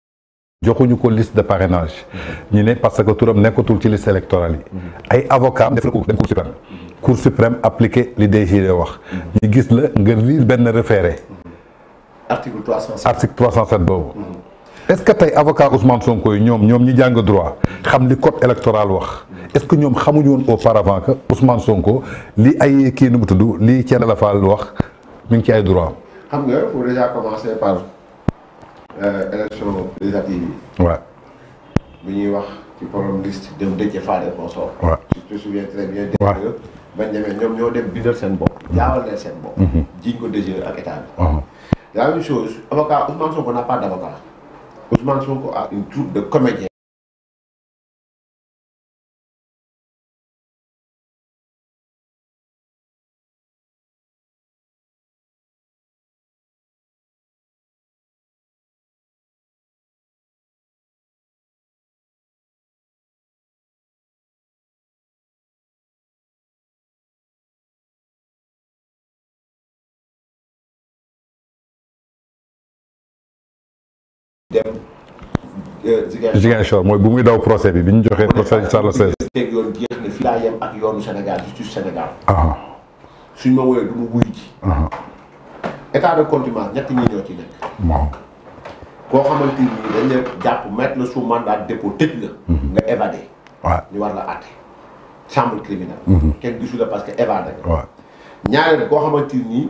joxuñu ko liste de parrainage mm-hmm. ñu né parce que touram nekatul ci liste électorale mm-hmm. ay avocat am def recours dem cour suprême mm-hmm. cour suprême appliquer li DG wax ñu gis la nga lire ben référé article 307 article 307 bobu est-ce que tay avocat Ousmane Sonko ñom ñom ñi jang droit xam li code électoral wax est-ce que ñoom xamuñu woon auparavant que Ousmane Sonko li ay kii nu mu tudd lii Thiénaba Fall wax mi ngi ci ay droit xam nga pour déjà commencer par Euh, élection législative yi. waaw. bu ñuy wax ci problème liste dem dëcc faale consort. waaw je te souviens très bien. waaw bañ ñoom ñoo dem bindal seen bopp. Mhm. jaawal leen seen bopp. Mhm. jiñ ko DG ak état bi. Mhm. la même chose avocat Ousmane Sonko n'a pas d'avocat Ousmane Sonko a une troupe de comédiens. Ziguinchor mooy bu muy daw procès bi bi ñu joxee procès Sall Cess teeg yoon jeex ne fii laa yem ak yoonu Sénégal justice Sénégal ma woowee du mu wuyu ji état de contumace ñett ñi ñoo ci nekk koo xamante ni dañ la jàpp mettre la sous mandat de dépôt tëj la nga évadé waaw ñu war la àtte chambre criminelle kenn gisu la parce que évadé nga ñaareel koo xamante ni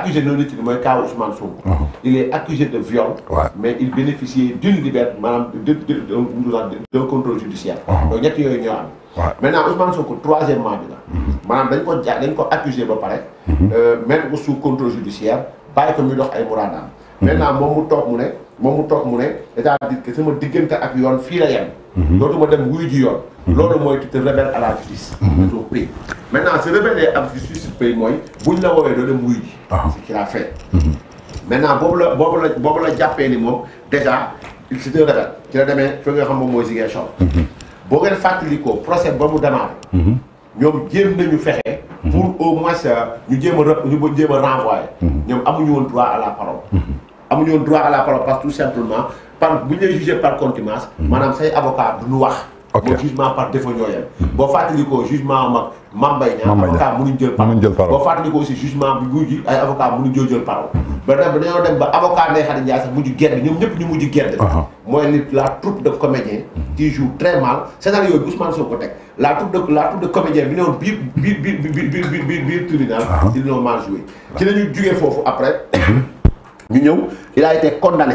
accusé non litige moi, cas Ousmane Sonko. il est accusé de viol. mais il bénéficiait d'une liberté maanaam de d'un contrôle judiciaire. donc ñett yooyu ñoo am. maintenant Ousmane Sonko troisième mandat. la. maanaam dañ ko ja dañ ko accusé ba pare. Euh, mettre ko sous contrôle judiciaire bàyyi ko muy dox ay muraadaam. maintenant moom mu toog mu ne moom mu mu ne c'est-à-dire que sama diggante ak yoon fii la yem. Mhm. dootuma dem wuyu ji yoon. Mhm. loolu mooy tu te rebelles la justice. de mhm. ton pays maintenant se rebeller justice pays mooy buñ la woowee doo dem wuyu ji. waaw ah. ce qu'il a fait. maintenant boobu la boobu la boobu jàppee ni moom déjà il se te rebelle ci la demee fi nga xam moom mooy Ziguinchor. boo ngeen fàttalikoo procès ba mu démarré. ñoom jéem nañu fexe. pour au moins euh, ñu jéem a ñu jéem a renvoyer. ñoom amuñu woon droit à la parole. amuñu woon droit à la parole parce que tout simplement. par buñ lay jugé par contumace. manam hmm. say avocat du wax. ok jugement par défaut ñoo bo boo fàttalikoo jugement mak Mame Mbaye Niang. Mame Mbaye Niang avocat mënuñ jël par mënuñ jël parole boo fàttalikoo aussi jugement bi bu ay avocat mënuñ jël jël parole. Hmm. ba dem ba dem ba avocat day Khady Ndiaye sax mujj gerte ñoom ñëpp ñu mujj gerte. moy nit la troupe de comédiens. Hmm. qui joue très mal scénario bi Ousmane Sonko teg la troupe de la troupe de comédiens bi ne woon biir biir biir biir biir biir biir tribunal. ils l'ont mal joué. ci lañu ñu fofu après. ñu ñew il a été condamné.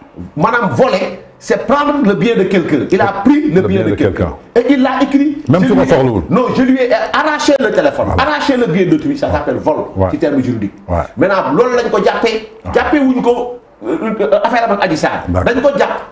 Madame voler c'est prendre le bien de quelqu'un il a pris le, bien, de quelqu'un et il l'a écrit même sur ko soxlawul non je lui ai arraché le téléphone arraché le bien de d'autrui ça s'appelle vol ci terme juridique maintenant loolu lañ ko jàppee jàppee wuñ ko euh, euh, affaire am ak Adji Sarr dañ ko jàpp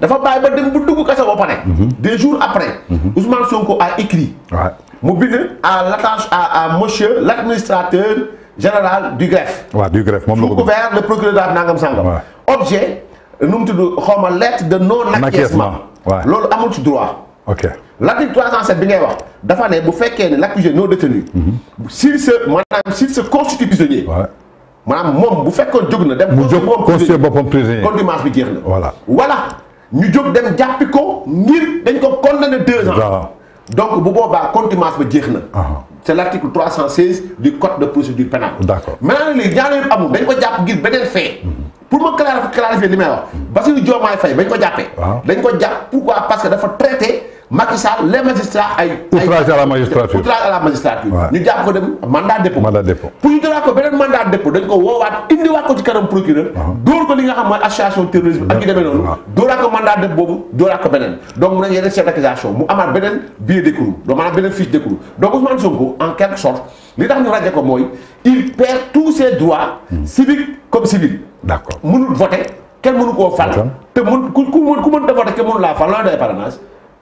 dafa bàyyi ba dem bu dugg kaso ba pare. Mhm. des jours après. Mhm. Ousmane Sonko a écrit. mu bind à l'attache à à monsieur l'administrateur général du greffe. waaw du greffe moom la ko sous couvert de nangam sangam. objet nous mu tudd lettre de non acquiescement. loolu amul ci droit. ok l'article 307 bi ngay wax dafa ne bu fekkee ne l'accusé non détenu. Mhm. s'il se maanaam s'il se constitue prisonnier. maanaam moom bu fekkoon jóg na dem. mu jóg constitué boppam prisonnier. contumace bi jeex na. voilà ñu jóg dem japp ko ngir dañ ko condamner 2 ans donc bu boba contumace ba jeexna ah. c'est l'article 316 du code de procédure pénale maintenant léegi ñaar yooyu amul dañ ko japp ngir benen fait mhm. pour me clarifier clarifier li may wax mhm. Bassirou Diomaye Faye bañ ko jappé ah. dañ ko japp pourquoi parce que dafa traiter Macky Sall les magistrats ay. outrage à la magistrature outrage à la magistrature. ñu jàpp ko dem mandat dépôt. mandat dépôt pour ñu dalaat ko beneen mandat dépôt dañ ko woowaat indiwaat ko ci kanam procureur. Uh-huh. dóor ko li nga xam mooy association terrorisme ak ñu demee noonu. waaw uh-huh. ko mandat dépôt boobu dóoraat ko beneen. donc mu ne yeneen chef d'accusation mu amaat beneen billet d'écrou donc maanaam beneen fiche d'écrou donc Ousmane Sonko en quelque sorte li tax ñu rajo ko mooy il perd tous hmm. ku ku mën ku mën te voter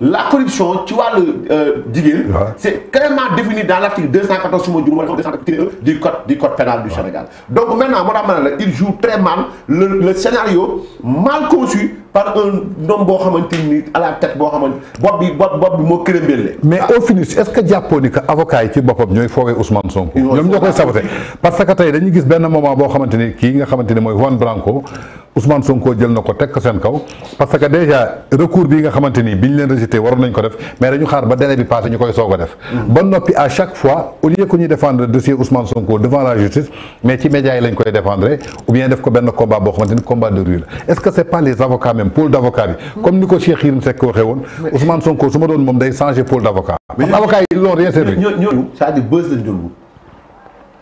la corruption tu vois le c'est euh, c'est clairement défini dans l'article 214 du code pénal du Sénégal. donc maintenant il joue très mal le scénario mal conçu par un homme à la tête de mais au final, est ce que avocat ci Ousmane parce que vous dañuy Juan Blanco, Ousmane Sonko jël na ko teg kaw parce que déjà recours bi nga xamanteni ni bi ñu leen rejeté waroon nañ ko def mais dañu xaar ba délai bi passé ñukoy sogo def. Mm. ba nopi à chaque fois au lieu que ñu défendre dossier Ousmane Sonko devant la justice mais ci médias yi lañ koy défendre ou bien def ko ben combat bo xamanteni combat de rue est-ce que c'est pas les avocats même pôle d'avocat bi. Mm. comme niko ko Cheikh Yérim Seck waxee woon. Ousmane Sonko suma ma doon moom day changer pôle d'avocat. mais avocats yi ils rien servi. ñooñu ça à buzz lañ doon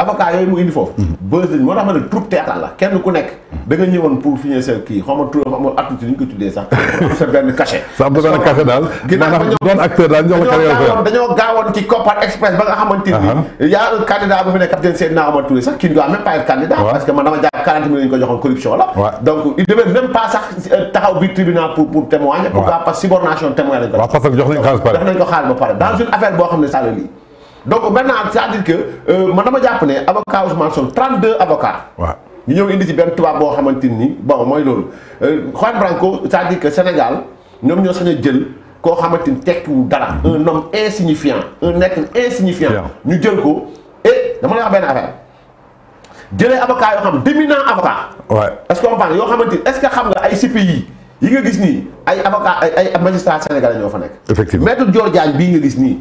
avocat yooyu mu indi foofu. Mhm. bës lañ moo tax ma ne troupe théâtrale la kenn ku nek mhm. da nga ñëwoon pour fi ñu seen kii xaw ma amul attitude ñu ko tuddee sax. pour sa benn cachet. sa bu benn cachet daal. maanaam doon acteur dal ñoo ko dañoo gaawoon ci Kopar Express ba nga xamante ya un candidat bu fi nek capitaine sen na Omar Touré sax kii ne doit même pas être candidat. parce que man dama jàpp 40 millions ñu ko joxon corruption la. donc il devait même pas sax euh, taxaw bi tribunal pour pour témoigner. pourquoi parce que subornation témoin lañ ko. waaw parce que jox nañ ko xal ba pare. dans une affaire bo xamné ne ça la lii donc maintenant c'est-à-dire que euh, man dama avocat Ousmane 32 avocats. ñu ont bon euh, Juan Branco c'est-à-dire que Sénégal nous mm-hmm. un homme insignifiant un être insignifiant. ñu jël ko et dama vais avocat. est-ce qu'on parle est-ce que xam nga ay CPI yi avocat sénégalais effectivement maître Dior Diagne nga gis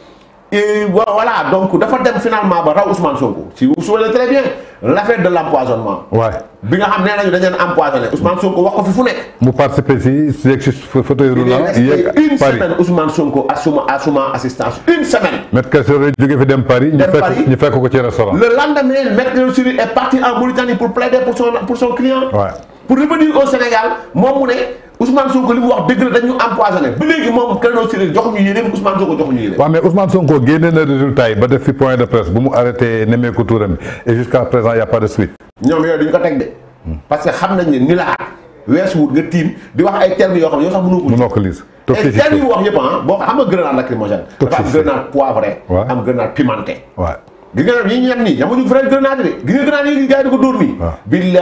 Et voilà, donc, dafa dem finalement ba raw Ousmane Sonko si vous vous souvenez très bien l'affaire de l'empoisonnement. Oui. bi nga xam nee nañu dañu empoisonné Ousmane Sonko wax ko fi fu nekk. mu c'est si si si fauteuil roulant. une semaine Ousmane Sonko assuma assuma assistance une semaine. maître Kassore jóge fi dem Paris. ñu fekk ñu fekk ko ci restaurant. le lendemain maître Kassore est parti en Mauritanie pour plaider pour son pour son client pour revenir au Sénégal mon Ousmane Sonko lui wax nous dañu empoisonné jox ñu Ousmane Sonko jox ñu mais Ousmane Sonko résultat ba def point de presse bu mu arrêté et jusqu'à présent il y a pas de suite. Non, yoy duñ ko de. Hmm. parce que xam nañ ni wess wut nga TIM, di wax ay termes yo ne xam ko. et termes wax ah, xam nga grenade lacrymogène. grenade grenade pimenté. gis nga yi ñu yem nii amuñu vrai grenade de gis nga grenade yi nii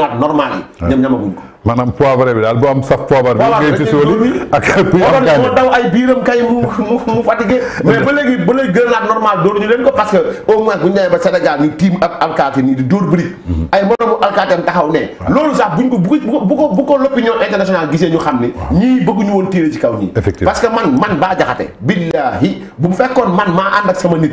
ah. ah. maanaam poivre bi daal bu am saf poivre bi ngay ci sóoli ak poivre moo daw ay ñu leen ko parce que au moins bu ñu demee ba Sénégal alkaati nii mhm. ay moroomu alkaatam taxaw ne ah. loolu sax buñ ko bu ko bu ko l'opinion internationale gisee xam ne ñii bëgguñu woon tiire ci kaw ñii parce que man man baa jaxate billaahi bu fekkoon man maa ànd ak sama nit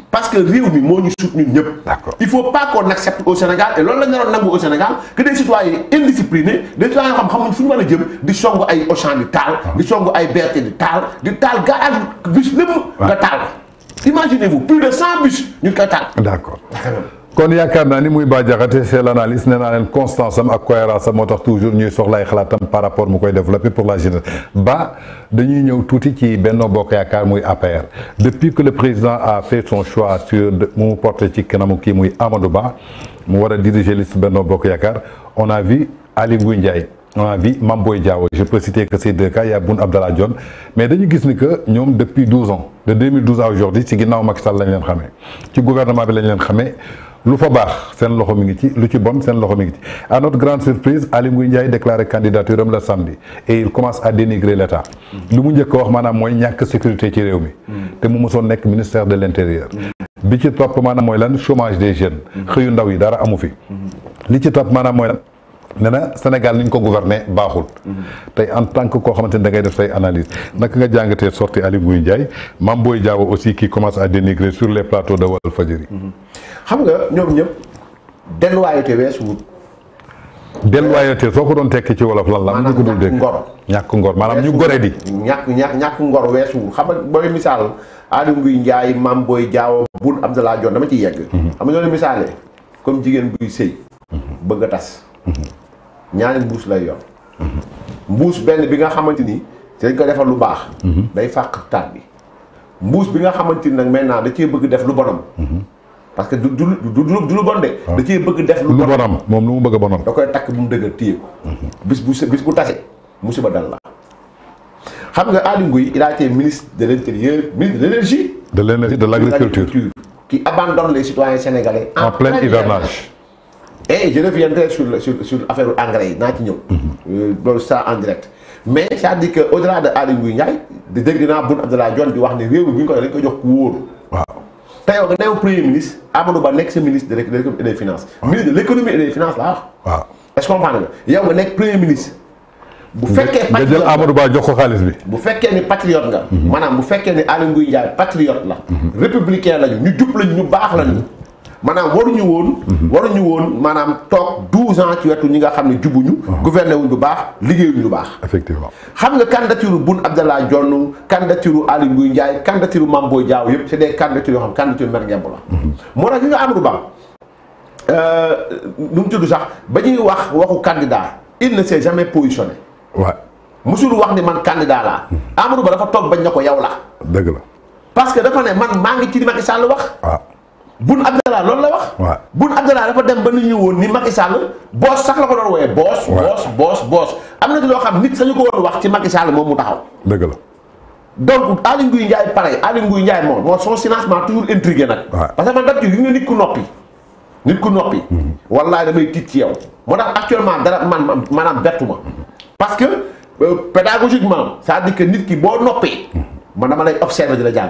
Parce que lui ou lui, moi, nous soutenons mieux. Il ne faut pas qu'on accepte au Sénégal, et l'on a au Sénégal, que des citoyens indisciplinés, des citoyens comme Hamoun Fouma le Dieu, des gens qui aillent au champ du Tal, des gens qui aillent Berthe du Tal, du Tal, Gaal, Bus, le Tal. Imaginez-vous, plus de 100 bus du Tal. D'accord kon yaakaar naa ni muy ba jaxate c'est l'analyse nee constance am ak cohérence am moo toujours ñuy soxlay xalatam par rapport mu koy développer pour la jeunesse ba dañuy ñew touti ci Benno Bokk yakar muy APR depuis que le président a fait son choix sur mu porter ci kanamu ki muy Amadou Ba mu wara diriger liste Benno Bokk yakar on a vu Ali Ngouille ah, Mamboy Diao. Je peux citer que ces deux cas, il y a Boun Abdallah John. Mais nous avons que nous, depuis 12 ans, de 2012 à aujourd'hui, c'est que Macky Sall lañ leen xamee ci gouvernement bi lañ leen le lu fa le seen loxo mi ngi ci lu ci bon à notre grande surprise Aly Ngouille Ndiaye déclaré candidature le samedi et il commence à dénigrer l'État. état lu mu njëkk wax maanaam mooy ñàkk sécurité ci est mi te mu mosoon ministère de l'Intérieur. intérieur bi ci topp maanaam c'est le chômage des jeunes xëyu ndaw yi dara amu fi li ci topp maanaam mooy lan nee na Sénégal ni ñu ko gouverner baaxul. tey en tant koo xamante ni dangay def say analyse naka nga jàngatee sorti Aly Ngouille Ndiaye Mame Boye Diao aussi qui commence à dénigrer sur les plateaux de Walfadjri. xam nga ñoom ñëpp delluwaayate weesu wut. ko doon tekki ci wolof lan la. am na ko ñàkk ngor maanaam ñu gore di. ñàkk ñàkk ñàkk weesu xam nga booy misaal Aly Ngouille Ndiaye Mame Boye Diao Boun Abdallah Dionne dama ciy mhm. misaalee comme jigéen buy sëy bëgg a tas. Mhm. ñaari mbuus lay yor mbuus benn bi nga xamante ni dañ ko defal lu baax day fàq taat bi mbuus bi nga xamante ni nag maintenant da cee bëgg def lu bonam parce que du du du lu bon de ah. da cee bëgg def lu bonam moom lu mu bëgg a bonam da koy takk bu mu dëgër téye ko bis bu bis bu tase musiba dal la xam nga Aly Ngouille il a été ministre de l'intérieur ministre de l'énergie de l'énergie de l'agriculture qui abandonne les citoyens sénégalais en plein hivernage et eh, je reviendrai sur l'affaire sur sur affaire engrais mhm. euh, ça en direct. mais ça dit que au-delà de Alioune Ngouille de di Boun Abdallah Dionne di wax il bu premier ministre Ba ministre de des finances. Ah. ministre de l'économie et des finances là est-ce qu'on Il y a nga un premier ministre. bu fekkee patriote nga patriote mhm. patriote la. Mhm. républicain nous ñu maanaam waruñu woon. Mhm. waruñu woon manam toog 12 ans ci wetu ñi nga xam ne jubuñu. Ah. gouverner wuñ bu baax liggéeyuñ bu baax. effectivement xam nga candidature Boun Abdallah Dionne candidature Aly Ngouille Ndiaye candidature Mame diaw yépp yëpp des candidatures yo xam candidature mer ngemb la. Mhm. moo tax ñu nga Amadou Ba euh mu tuddu sax bañuy wax waxu candidat il ne s' jamais positionné. waaw musul wax ni man candidat la mhm. Amadou Ba dafa toog bañ na ko yow la. deug la parce que dafa ne man maa ci Macky Sall wax. Ah. Boun Abdallah loolu la wax. waaw Boun dafa dem ba nit ñu woon ni Macky Sall boss sax la ko doon wooyee. boss boss boss boss amna na ci xam nit sañu ko woon wax ci Macky Sall mo mu taxaw. deug la donc Aly Nguy Ndiaye pare Aly Nguy Ndiaye mo mo son silence m'a toujours intrigué nak parce que man dab ci gis nit ku nopi nit ku nopi mm-hmm. wallahi damay tit ci yow. mo tax actuellement dara man manam bettu mm-hmm. parce que euh, pédagogiquement ça dit que nit ki bo nopi mm-hmm. man dama lay observer dila jang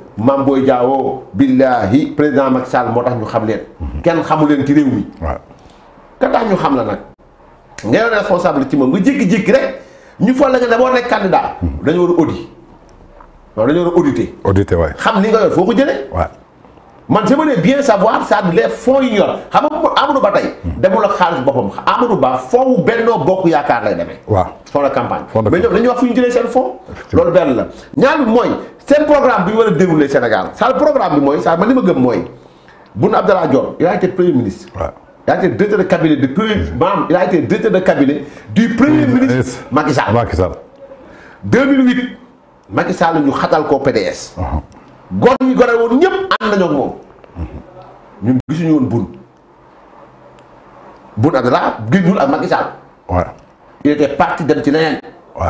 Mame jaawoo Diao billaahi président Macky Sall moo tax ñu xam leen. kenn xamu leen ci réew mi. waaw tax ñu xam la nag. nga ci moom nga jékki-jékki rek ñu foog la nga ne boo nekk candidat. Mm-hmm. dañu war a audit. waaw dañu a xam li nga foo ko jëlee. waaw man j'aimerais bien savoir ça les fonds yi ñu yor xam nga Amadou Ba tey. Mm-hmm. demul ak xaalis boppam Amadou Ba fonds wu Bokk Yaakaar lay demee. waaw fonds de campagne. mais ñoom dañuy wax fu ñu jëlee seen fonds. loolu benn la ñaar mooy un programme du ñu dérouler le Sénégal. Sénégal le programme bi mooy sa man gëm mooy Boun Abdallah Dior il a été premier ministre. Ouais. il a été directeur de cabinet du premier maanaam il a été directeur de cabinet du premier ministre Macky Sall. Macky Sall. 2008 Macky Sall ñu xatal ko PDS. Uh-huh. góor ñi gore woon ñëpp ànd nañoo ak moom. Uh-huh. ñun gisuñu woon Boun. Boun Abdallah génnul ak Macky Sall. il était parti dem ci Ouais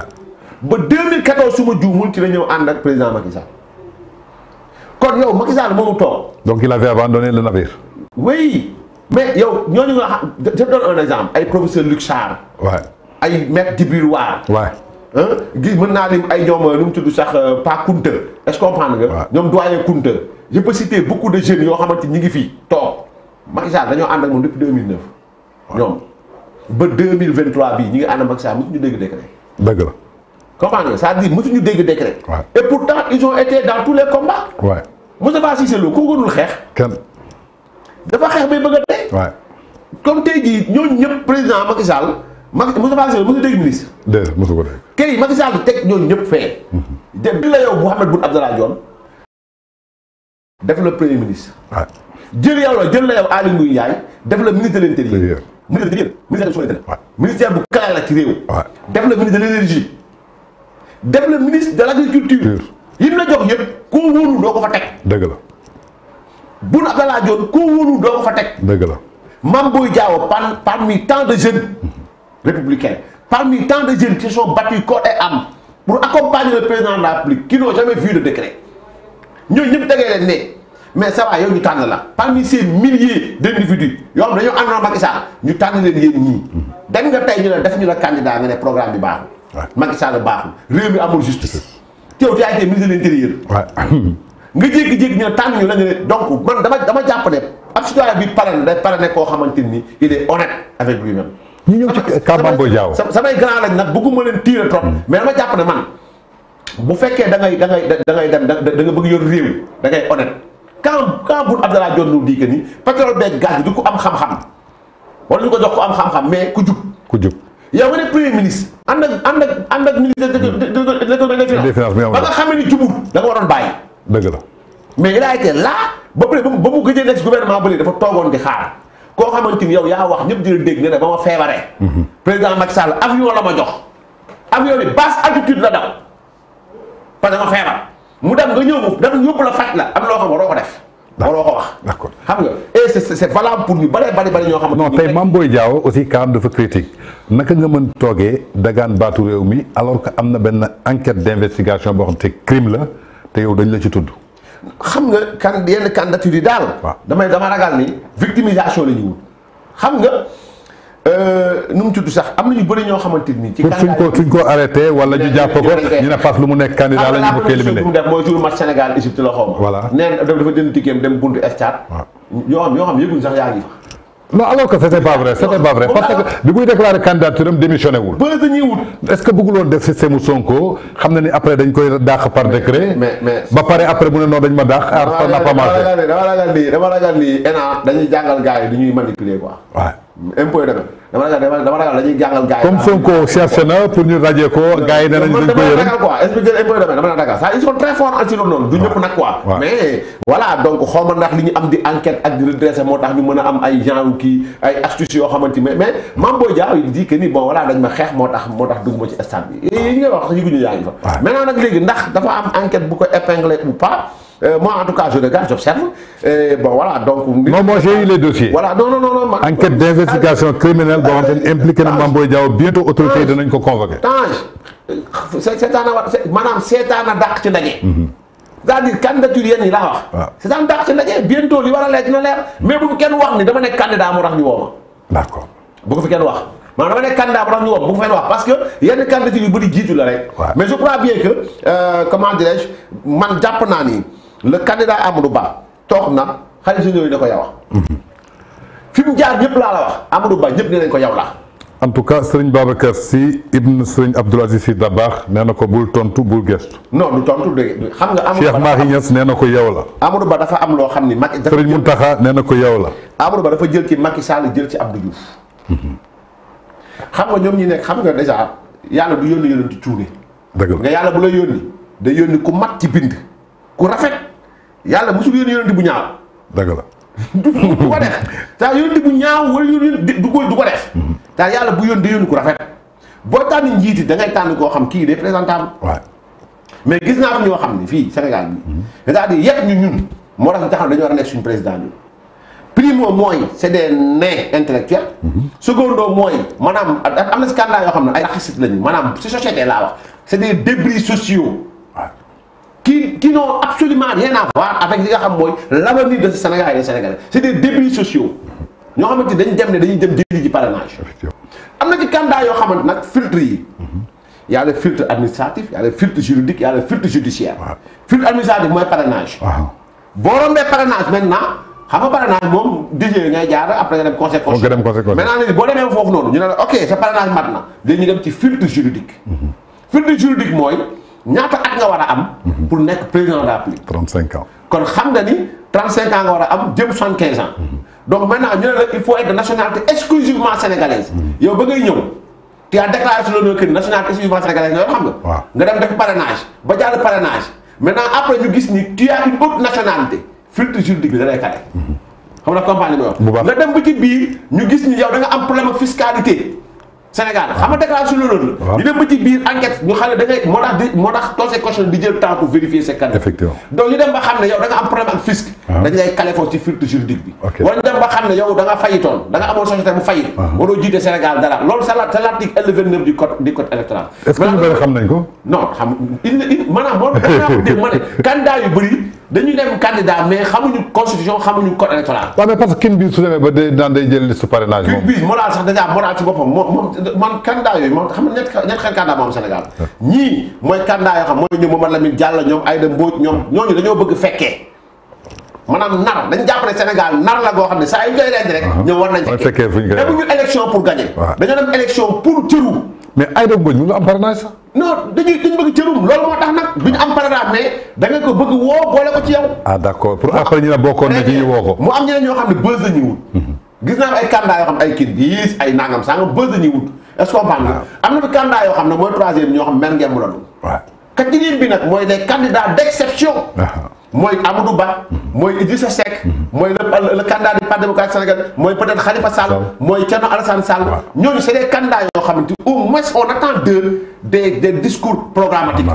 ba 2014 suma djumul ci la ñeu and ak président Macky Sall kon yow Macky Sall momu tok donc il avait abandonné le navire. oui mais yow ñooñu nga je donne un exemple ay professeur Luc Char ouais ay maître Djibril War. waay hein? gis mën naa lim ay ñoom lu euh, mu tuddu sax euh, Pa Kounta est-ce que comprendre nga. ñoom doyen Kounta. je peux citer beaucoup de jeunes yo xamanteni ñi ngi fi tok Macky Sall dañu and ak mom depuis 2009. ñoom ba 2023 bi ñi ngi and ak Macky Sall mu ñu dégg décret. dëgg la comprendre c'est-à-dire mësuñu dégg décret. et pourtant ils ont été dans tous les combats. waay Moustapha Cissé c'est le gënul xeex. kenn dafa xeex bay bëgg a dee. waay comme tey dit ñooñu ñëpp président Macky Sall Macky Moustapha Cissé Lo mësu dégg ministre. déedéet mësu ko dégg. kër Macky Sall teg ñooñu ñëpp fee. Mhm. dem la yow Mouhamed Boun Abdallah Dionne def la premier ministre. waay jël yow la jël la yow Aly Ngouille Ndiaye def ministre de l'intérieur. ministre de l'intérieur ministère de l'intérieur. ministère bu kalaay la ci réew. def le ministre de l'énergie. def la ministre de la agriculture. yim la jox yëpp koo wóolu doo ko fa teg. dëgg la. Boun Abdallah Dionne koo wóolu doo ko fa teg. dëgg la Mame Boye Diao par parmi tant de jeunes. républicains parmi tant de jeunes qui se sont battus corps et âme pour accompagner le la République qui n'ont jamais vu de décret ñooñu ñëpp tegee leen ne. mais ça va yow ñu tànn la parmi ces milliers d' individus yoo xam dañoo àndoon ak Macky Sall ñu tànn leen yéen ñii. dem nga tey ñu ne def ñu la candidat nga ne programme bi baaxul Macky Sall baaxul réew mi amul justice. te yow tu as été ministre de l'intérieur. nga jékki-jékki ñu ne tànn ñu la nga man dama dama jàpp ne ab citoyen bi pare na day pare ne koo xamante ni il est honnête avec lui-même. ñu ñëw ci cas Bamboy Diaw samay grand lañ nag bëgguma leen tiire trop. Mm. mais dama jàpp ne man bu fekkee da ngay da ngay da ngay dem da nga bëgg yor réew da ngay honnête quand quand Boun Abdallah Dionne nous dit ni pétrole beeg gaz bi du ko am xam-xam wala ñu ko jox ko am xam-xam mais ku jub ku jub. yow nga ne premier ministre ànd ak ànd ak ànd ak ministre des hmm. finances ba nga xamee ni jubul da nga waroon bàyyi dëgg la mais il a été là ba pare ba mu gëjee nekk gouvernement bële dafa toogoon di xaar koo xamante yow ya wax ñëpp dina dégg ne ne ba hmm. ma feebaree président Macky Sall avion la ma jox avion bi basse altitude la daw parce que ma feebar mu dem nga ñëw mu dem yóbbu la faj la am loo xam waroo ko def waroo ko wax. d'accord xam nga et c'est c'est valable pour ñu bare bari bari ñoo xam. non tey Mame Boye Diao aussi kaam dafa critique naka nga mën toogee dagaan baatu réew mi alors que am na benn enquête d'investigation boo xam te crime la te yow dañ la ci tudd. xam nga kan yenn candidature yi daal. damay dama ragal ni victimisation la ñu wut xam nga. Euh, nu mu tudd sax am na ñu bari ñoo xamante ni. ci suñ ko suñ ko arrêté wala ñu jàpp ko ñu ne Pape lu mu nekk candidat ah, la ñu bëgg a éliminé. def mooy jour match Sénégal Égypte la xaw ma. voilà dafa na dafa jënd ticket dem buntu stade. waaw yoo xam yoo xam yëguñ sax yaa ngi fa. non alors que c' était pas vrai c' pas vrai parce que bi muy déclaré candidature am démissionné wul. est ce que bëggul def système Sonko xam na ni après dañ koy dàq par décret. mais mais ba pare après mu ne noonu dañ ma dàq. ah par la pamante dama ragal ni dama ragal ni dama ragal ni ENA dañuy jàngal gars yi du ñuy manipuler quoi. dama ragal dama ragal dañuy jàngal gars yi. comme Sonko cherché na pour ñu rajee ko gars dama ragal ça ils sont très forts ci loolu noonu du ñëpp nag quoi mais voilà donc xaw ma ndax li ñu am di enquête ak di redressé moo tax ñu mën a am ay genre kii ay astuces yoo xamante mais mais Mame Boye Diao il dit ni bon voilà dañ ma xeex moo tax moo tax dugg ma ci stade bi yi ngay wax sax yiguñu yaa ngi fa maintenant nag léegi ndax dafa am enquête bu ko épinglé ou pas Euh, moi, en tout cas, je regarde, j'observe. Euh, bon, voilà, donc... Euh, non, moi, j'ai eu les dossiers. Enquête d'investigation criminelle dont impliqué le Mamboy bientôt autorité de nous convoquer. c'est un... Madame, c'est un acte mhm. c'est-à-dire un ah. bientôt mais vous kenn wax candidat à d'accord parce que mais je crois bien que comment dirais-je man le candidat Amadou Ba toog na xale si ñëw ne ko yow wax ah. hmm. fi mu jaar ñëpp laa la wax Amadou Ba ñëpp ne nañ ko yaw la en tout cas Serigne Babacar Sy ibn Serigne Abdoul Aziz Sy Dabakh nee na ko bul tontu bul gestu. non xam nga. Amadou Ba Cheikh Mahi nee na ko yow la. Amadou Ba dafa am loo xam ni Macky. dafa jël Serigne Mountakha nee na ko yow la. Amadou Ba dafa jël ci Macky Sall jël ci Abdou Diouf. xam nga ñoom ñi nekk xam nga dèjà yàlla du yónni yónni ci cuune. dëgg la nga yàlla bu la yónni day yónni ku mat ci bind ku rafet. yàlla mosul yónni yónni bu ñaaw. dëgg la. du ko def saa yónni bu ñaaw wala yónni du ko du ko def. Mhm. saa yàlla bu yónni yónni ku rafet. boo tànn njiiti da ngay tànn koo xam kii day présentable. waaw mais gis naa am ñoo xam ne fii Sénégal bi mhm. c'est-à-dire yëpp ñu ñun moo tax ñu taxaw dañu war a nekk suñu président bi. primo mooy c'est des nés intellectuels. Mhm. secondo mooy maanaam am na laa yoo xam ne ay raxasit lañu maanaam si société laa wax c'est des débris sociaux. qui, qui n'ont absolument rien à voir avec l'avenir de ce Sénégal et Sénégalais. C'est des débris sociaux. Nous avons dit que nous parrainage. Il y a des candidats qui sont filtrés. Il y a le filtre administratif, il y a le filtre juridique, il y a le filtre judiciaire. Le filtre administratif, c'est le parrainage. Si on a parrainage maintenant, a parrainage ngay jaar après nga conseil il y a conseil maintenant on demee foofu noonu ñu ne ok c'est parrainage maintenant. filtre juridique. Mhm. filtre juridique moi. ñaata at nga wara am mhm. pour nek président de la République 35 ans kon xam nga ni 35 ans nga wara am dem 75 ans mhm. donc maintenant ñu ne la il faut être nationalité exclusivement sénégalaise mhm. yow ba ngay ñëw tu as déclaré sur le que nationalité exclusivement sénégalaise nga xam nga nga dem def parrainage ba jall parrainage maintenant après ñu gis ni tu as une autre nationalité filtre juridique da lay kalé xam nga compagnie nga wax nga dem bu ci biir ñu gis ni yow da nga am problème fiscalité Sénégal xam nga déclaration loolu la. di dem ba ci biir moo tax di moo tax conseil constitutionnel di jël temps pour vérifier ses carnets. effectivement donc ñu dem ba L29 ah. ah. du code du code électoral. est yu bëri. dañu dem candidat mais xamuñu constitution xamuñu code électoral. mais parce que kin su demee ba day daan day jël liste parrainage moom. kin bi Monal sax dèjà Monal ci boppam moom moom man candidat xam nga ñett ñett xel candidat moom Sénégal. ñii mooy candidat yoo xam mooy ñoom Mamadou Lamine Diallo ñoom Aïda Mbodj ñoom ñooñu dañoo bëgg fekkee. maanaam nar dañ jàpp ne Sénégal nar la goo xam ne sa yu ñu koy rend rek. ñoom war nañ fekkee fu ñu koy demuñu dañu bëgg ko bëgg woo boole ko ci yow. ah d'accord pour après bokkoon na ci ñu woo ko. mu am ñeneen ñoo xam ne bës dañuy wut. Mhm. gis naa ay candidats yoo xam ay Kirgiz ay nangam sangam bës dañuy wut. est-ce que on parle yoo xam ne mooy troisième ñoo xam mer ngeen mu la dul. waaw quatrième bi mooy Amadou Ba mooy Idrissa Seck mooy le le candidat du Parti démocratique sénégalais mooy peut-être Khalifa Sall mooy Thierno Alassane Sall ñooñu c'est des candidats yoo xamante au moins on attend d'eux des des discours programmatiques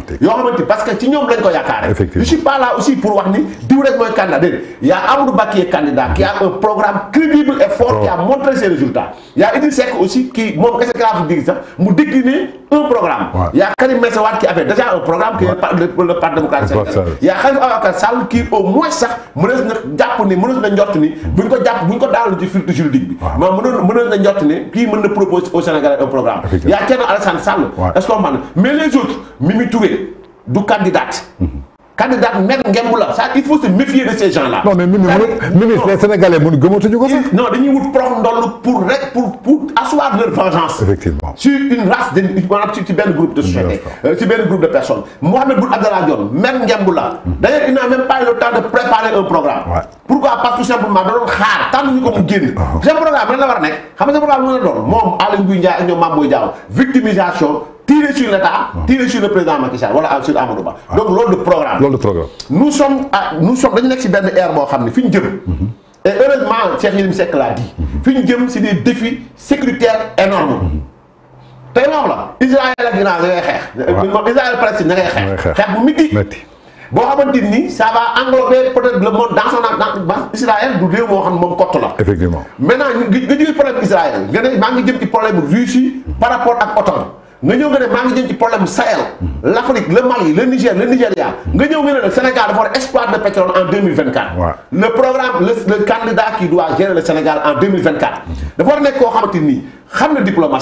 parce que ci ñoom lañ ko yaakaare je suis pas là aussi pour wax ni diw rek mooy candidat Il y a Amadou Ba qui est candidat qui a un programme crédible et fort oh. qui a montré ses résultats il y a Idrissa Sek aussi qui qu'est-ce laa a dégg mu décliné un programme il y a Karim Meïssa qui avait déjà un programme qui est le Parti démocratique il y a Khalifa Ababacar Sal qui au moins sax mënees na jàpp ni mënees na njort ni buñ ko jàpp buñ ko daaloon ci filtre juridique bi Japonais mënoon na njort ni kii mën na proposer au Sénégalais un programme y a Thierno Alassane Sall mais les autres Mimi Touré du candidate. candidate même ça il faut se méfier de ces gens là. non mais Mimi Mimi hein? les Sénégalais mënu gëmatuñu ko sax. non dañuy wut dans ndoll pour rek pour pour asseoir leur vengeance. effectivement sur une race de maanaam ci benn groupe de société. Euh, ci benn groupe de personnes. Mohamed Boun Abdallah même mer d'ailleurs il n'a même pas eu le temps de préparer un programme. pourquoi parce que simplement da doon xaar tànnuñu ko mu génn. Ah, ah. seen programme lan la war a xam nga programme lan la doon moom Aly Ngouille ak ñoom Mame Boye victimisation tirer sur l'État, ah. tirer sur le président Macky Sall wala sur Amadou Ba. Ah. donc loolu de programme. loolu de programme. nous sommes à nous sommes dañu nekk si benn ère boo xam ne mhm. et heureusement Cheikh Yérim Seck l'a dit. Mhm. fi ñu jëm des défis sécuritaires énormes mhm. tey loolu la Israël ak Iran da ngay xeex. Israël Palestine da ngay xeex. xeex bu métti. boo xamante ni ça va englober peut-être le monde dans son dans Israël du réew moo xam moom kott la. effectivement maintenant nga jógee problème Israël nga ne maa ngi jëm ci problème Russie par rapport ak OTAN. nga ñëw nga ne maa ngi jëm ci problème Sahel l' Afrique le Mali le Nigeria nga ñëw nga ne le Sénégal dafa war exploiter le pétrole en 2024 le programme le le qui doit gérer le Sénégal en 2024 mhm. dafa war nekk koo xamante nii na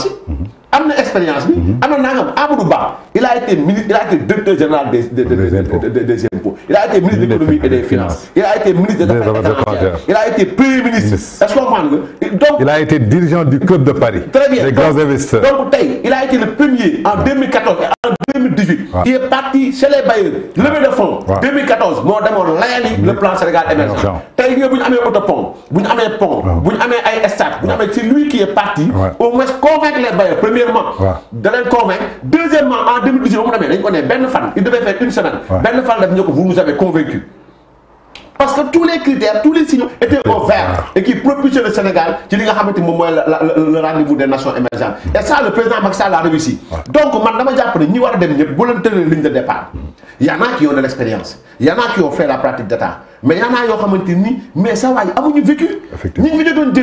am expérience bi. Mhm. nangam Amadou il a été ministre il a été directeur général des des des impôts. il a été ministre de l'économie et des finances. il a été ministre des affaires étrangères il a été premier ministre. est-ce qu'on comprendre donc. il a été dirigeant du club de Paris. très bien des grands investisseurs donc tay il a été le premier en 2014. 2018. il est parti chez les bailleurs. levé de fonds. 2014 le mm. plan Sénégal émergent. tey a vous ñu amee de pont vous avez un pont. vous avez un ay stade avez c'est lui qui est parti. On moins convaincre les bailleurs premièrement. de les convaincre deuxièmement en 2018 on a mis fan il devait faire une semaine. benn fan daf vous nous avez convaincus parce que tous les critères tous les signaux étaient au et qui propulse le Sénégal qui li le rendez-vous des nations émergentes et ça le président Macky a réussi donc man dama appris ni de départ y en a qui ont de l'expérience il y en a qui ont fait la pratique d'État mais il y en a qui ont mais ça amuñu vécu Il y jël dans mhm. ñu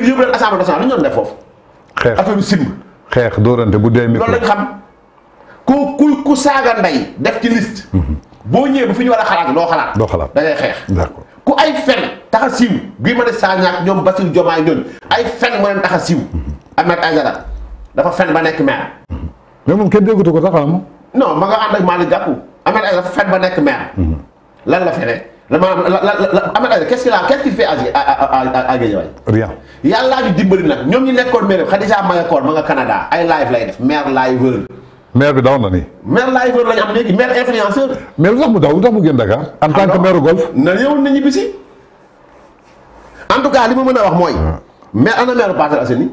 def ont d'accord ku ay fen tax a siiw bii ma ne saañaak ñoom Bassirou Diomaye ñooñu ay fen moo leen tax a siiw Ahmed Aïdara dafa fen ba nekk maire mais moom kenn déggutu ko sax am non ma nga ànd ak Malick Gakou Ahmed Aïdara dafa fen ba nekk maire lan la fene la maanaam la la Ahmed Aïdara qu'est-ce qu'il a qu'est-ce qu'il fait à Guédiawaye rien yàllaa ñu dimbali nag ñoom ñu nekkoon maire Khadija Mayakor ma nga Canada ay live lay def maire liveur maire bi daw na nii. maire laay bëri lañ am léegi maire influenceur. mais lu tax mu daw lu tax mu génn Dakar. en tant que maire golf. na ñëwoon na ñibbisi. en tout cas li ma mën a wax mooy. Ah. maire ana maire Parcelles Assainies.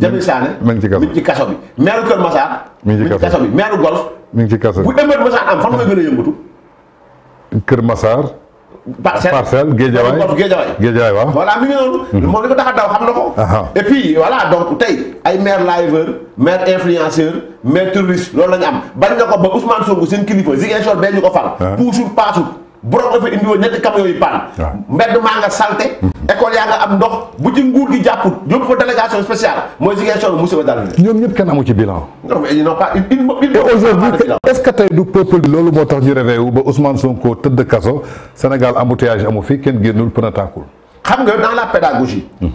Jamil Sané. mi ngi ci kaso ci kaso bi. maire Kër Massar. mi ngi ci kaso bi maire golf. mi ngi ci kaso bi bu ëmbët Massar am fan nga gën a yëngatu. Kër Massar. parcelle parcelle Guédiawaye boobu Guédiawaye. Guédiawaye waaw voilà mi ngi mhm. noonu. moom li ko tax a olha xam na ko. et puis voilà donc tey ay maire liveur maire influenceur maire touriste loolu la am bañ na ba Ousmane Sonko seen kilifa Ziguinchor bee ñu ko fal. puusul paasul. borom dafa indi woon ñetti camion yu paan mbedd maa nga salté mhm. école yaa nga am ndox bu ci nguur gi jàpput yóbbu fa délégation spéciale mooy Ziguinchor musiba dal ñoom ñëpp kenn amu ci bilan non mais ils n'ont que tey du loolu moo tax ñu réveillé wu ba Ousmane Sonko tëdd kaso Sénégal embouteillage amu fii kenn génnul pën a tàkkul xam nga dans la pédagogie mhm.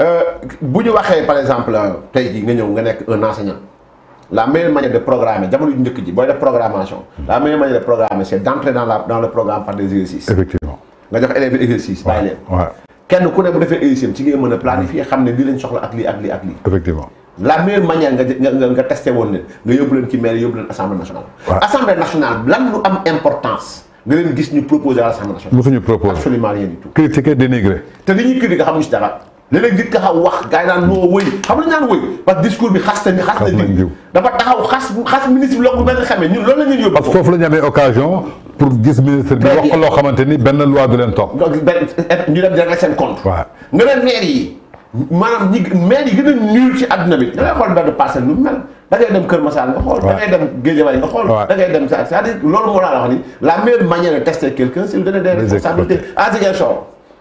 euh, bu ñu waxee par exemple euh, tey jii nga ñëw nga nekk un enseignant la meilleure manière de programmer jamono ju njëkk ji booy programmation la meilleure manière de programmer c'est d'entrer dans la dans le programme par des exercices effectivement nga jox élèves exercice bàyyi leen kenn ku ne bu defee exercice ci ngay mën planifier xam ne lii lañ soxla ak lii ak ak effectivement la meilleure manière nga nga nga testé woon leen nga yóbbu leen ci maire yóbbu leen assemblée nationale assemblée nationale lan lu am importance nga leen gis ñu proposer à l'assemblée nationale mosuñu proposer absolument rien du tout critiquer dénigrer te li ñuy critiquer xamuñu si dara léeg nit ka wax gars yi naan moo wëy xam nga ñaan woy parce discours bi xas nañu xas nañu dafa taxaw xas xass ministre bi la ko benn xamee ñun loolu la ñu yóbbu. fofu la ñu amee occasion pour gis ministre bi wax ko lo xamanteni ben loi du len top ben, eh, ñu dem di sen compte. waaw nga ne maire yi manam ñi maire yi gën a nul ci aduna bi da ngay xool benn parcelle lu mel da ngay dem Kër Massar nga xol da ngay dem Guédiawaye nga xol da ngay dem ça c'est-à-dire loolu mo la wax ni la meilleure manière de tester quelqu'un c'est de donner des responsabilités à Ziguinchor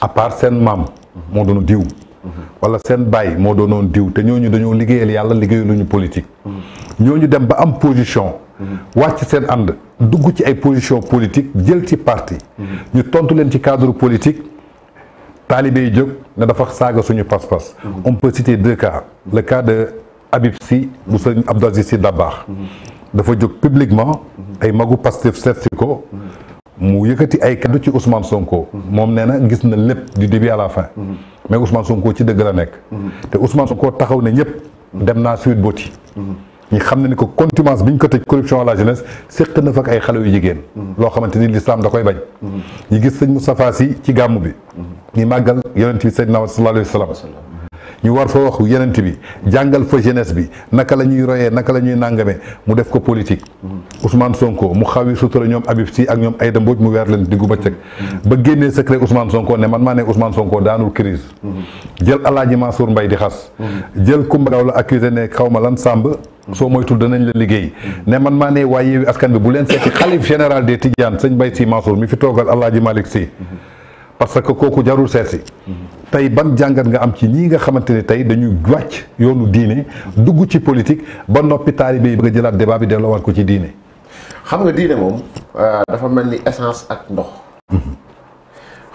à part mam Mam, moo doon diw wala seen nous de doonoon diw nous ñooñu dañoo liggéeyal yàlla ñu politique ñoñu dem ba am position wacc sen and dugg ci ay position politique jël ci parti ñu tontu len ci cadre politique talibé na dafa saga suñu pas-pas on peut citer deux cas le cas de Habib Sy bu sëñ Abdou Aziz Sy Dabakh dafa publiquement ay magu mu yëkkati ay keddu ci Ousmane Sonko. moom nee na gis na lépp di début à la fin. mais Ousmane Sonko ci dëgg la nekk. te Ousmane Sonko taxaw ne ñëpp. dem naa Sweet Beauty. ñu xam ne ni ko contumace bi ñu ko tëj corruption à la jeunesse séq na fa ak ay xale yu jigéen. loo xamante ni l'islam da koy bañ. ñu gis sëñ Moustapha Sy ci gàmm bi. ñu màggal yonent bi Seydina sallallahu alayhi wa sallam. ñu war fa wax yenent bi jàngal fa jeunesse bi naka la ñuy royee naka la ñuy nàngamee mu def ko politique mm-hmm. Ousmane Sonko mu xawi sutura ñoom Habib Sy ak ñoom ay Aïda Mbodj mu weer leen diggu bëccëg mm-hmm. ba génnee secret Ousmane Sonko ne man maa ne Ousmane Sonko daanul crise mm-hmm. jël Alaaji Mansour mbay di xas jël Coumba Gawlo la accusé ne xaw ma lan sàmb soo moytul danañ la liggéey ne man maa ne waaye Yewwi Askan bi bu leen seeti xalif général des Tidianes sëñ Mbaye Sy Mansour mi fi toogal Alaaji Malick Sy parce que kooku jarul seeti tey ban jàngat nga am ci ñii nga xamante ne tey dañuy wàcc yoonu diine dugg ci politique ba noppi taalibe yi bëgg a jëlaat débat bi delloowaat ko ci diine. xam nga diine moom euh, dafa mel ni essence ak ndox.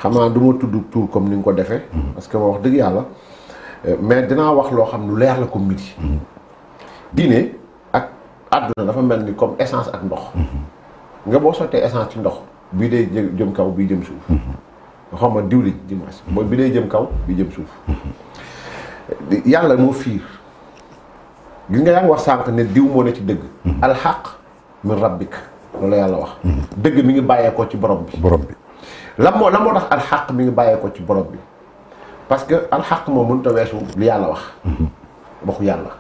xam naa du ma tudd tur comme ni nga ko defee. parce que ma wax dëgg yàlla euh, mais dinaa wax loo xam lu leer la ko midi. diine ak àdduna dafa mel ni comme essence ak ndox. nga boo sottee essence ci ndox bii day jëm kaw bii jëm suuf. xawma diwlin dimanche mooy bi day jëm kaw bi jëm suuf yalla mo fiir gi nga yang wax sank ne diw mo ne ci al haqq min rabbik loolu yalla wax deug mi ngi bàyyeekoo ci borom bi borom bi lam mo lam moo tax alxaq mi ngi bàyyeekoo ci borom bi parce que haqq mo mën ta wessu li yalla wax waxu yalla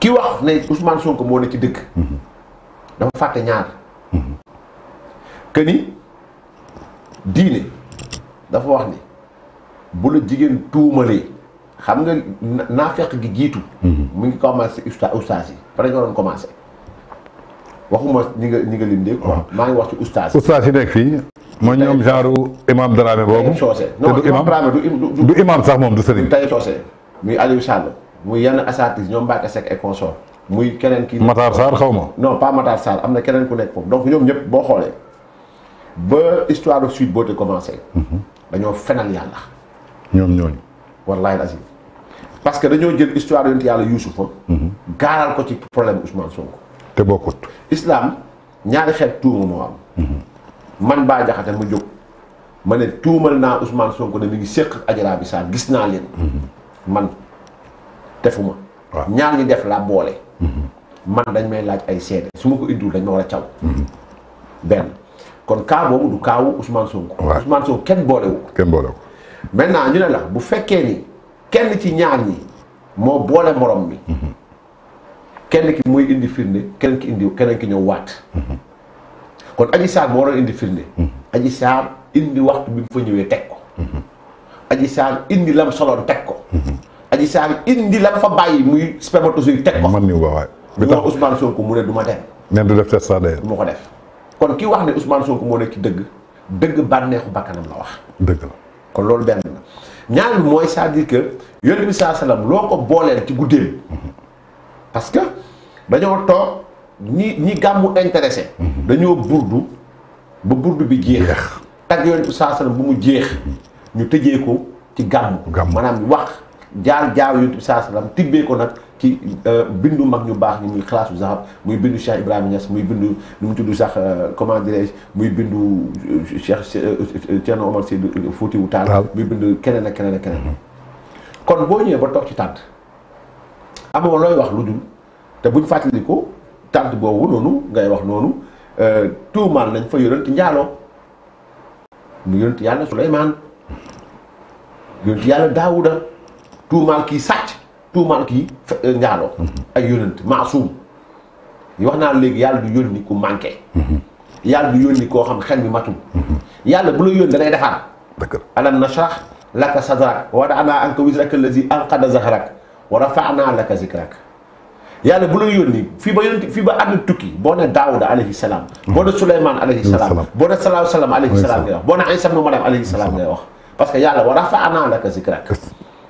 ki wax ne Ousmane Sonko mo ne ci deug mhm. dafa fàtte ñaar mhm. diine dafa wax ni bu la jigéen tuumalee xam nga naafeq gi jiitu. Mhm. mu ngi commencé usta ustaas yi pare nga doon commencé. waxuma ñi nga ñi nga lim de quoi maa ngi wax ci ustaas yi. ustaas yi nekk fii. mooy ñoom genre imam Dramé boobu. te du imam Dramé sax moom du sëriñ. tey soose muy Aliou Sall muy yenn asatis ñoom Mbacke Seck et consort muy keneen kii. mataar Sarr xaw ma. non pas Matar Sarr am na keneen ku nekk foofu donc ñoom ñëpp boo xoolee. ba histoire de boo Beauté commencé. Mhm. dañoo fenal yàlla. ñoom ñooñu. wallaahi lazim parce que dañoo jël histoire yonent yàlla Yuusufa. Mhm. gaaral ko ci problème Ousmane Sonko. te bokkut. islam ñaari xeet tuuma moo am. Mhm. man Bah Diakhaté mu jóg ma ne tuumal naa Ousmane Sonko ne mi ngi séq ak Adji Raby gis naa leen. man defuma. waaw ñaar ñi def laa boole. man dañ may laaj ay seede su ma ko indiwul dañ ma war a caw. benn. kon cas boobu du kaawu Ousmane Sonko. waaw Ousmane Sonko kenn boolewu ko. kenn boolewu ko. maintenant ñu ne la bu fekkee ni kenn ci ñaan ñi moo boole moroom mi. Mhm. kenn ki muy indi firnde kenn ki indi ki ñëw waat. Mhm. kon Adji Sarr moo waroon indi firnde. Mhm. Adji indi waxtu bi mu fa teg ko. Adji indi lam soloon teg ko. Adji Sarr indi lam fa bàyyi muy spermatozoïde teg ko. man ni ko waay. bi tax Ousmane Sonko mu ne du ma dem. nee du def test sax ko def. kon ki wax ne Ousmane Sonko mo nek ci deug dëgg bànneexu bakkanam la wax. deug la kon lolou ben la ñaar mooy c'est-à-dire que yonent bi saa salaam loo ci guddeem parce que dañu toog ñi ñi gamu intéressé. dañu burdu bu burdu bi jeex. tag yonent bi saa bu mu jeex ñu tëjee ko ci gamu manam wax jaar jaaw yonent bi saa salaam ko nak ci euh, bindu mag ñu baax ñi muy xalaasu zahab muy bindu Cheikh Ibrahima Niass muy bindu nu mu tudd sax euh, comment dirais-je muy bindu euh, Cheikh Thierno Omar fuuti Foutiyou Tall muy bindu keneen ak keneen ak keneen kon boo ñëwee ba toog ci tànt amoo looy wax lu dul te buñ fàttali ko tànt boobu noonu ngay wax noonu tuumaal nañ fa yonent njaaloo mu yonent yàlla Suleymaan yonent yàlla Daawuda tuumaal kii sàcc tuumaal kii njaalo ay yónent maasum yi wax naa léegi yàlla du yónni ku manqué yàlla du yónni koo xam xel mi matul yàlla bu la yónni da lay defar alam nashrah laka sadrak wa wada'na anka wizraka allazi anqada zahrak wa rafa'na laka zikrak yàlla bu la yónni fii ba yónni fii ba àdduna tukki boo ne daawuda alayhi salam boo ne souleyman alayhi salaam boo ne salaahu alayhi salaam ngay ne isa ibnu mariam alayhi salaam ngay wax parce que yàlla wa rafa'na laka zikrak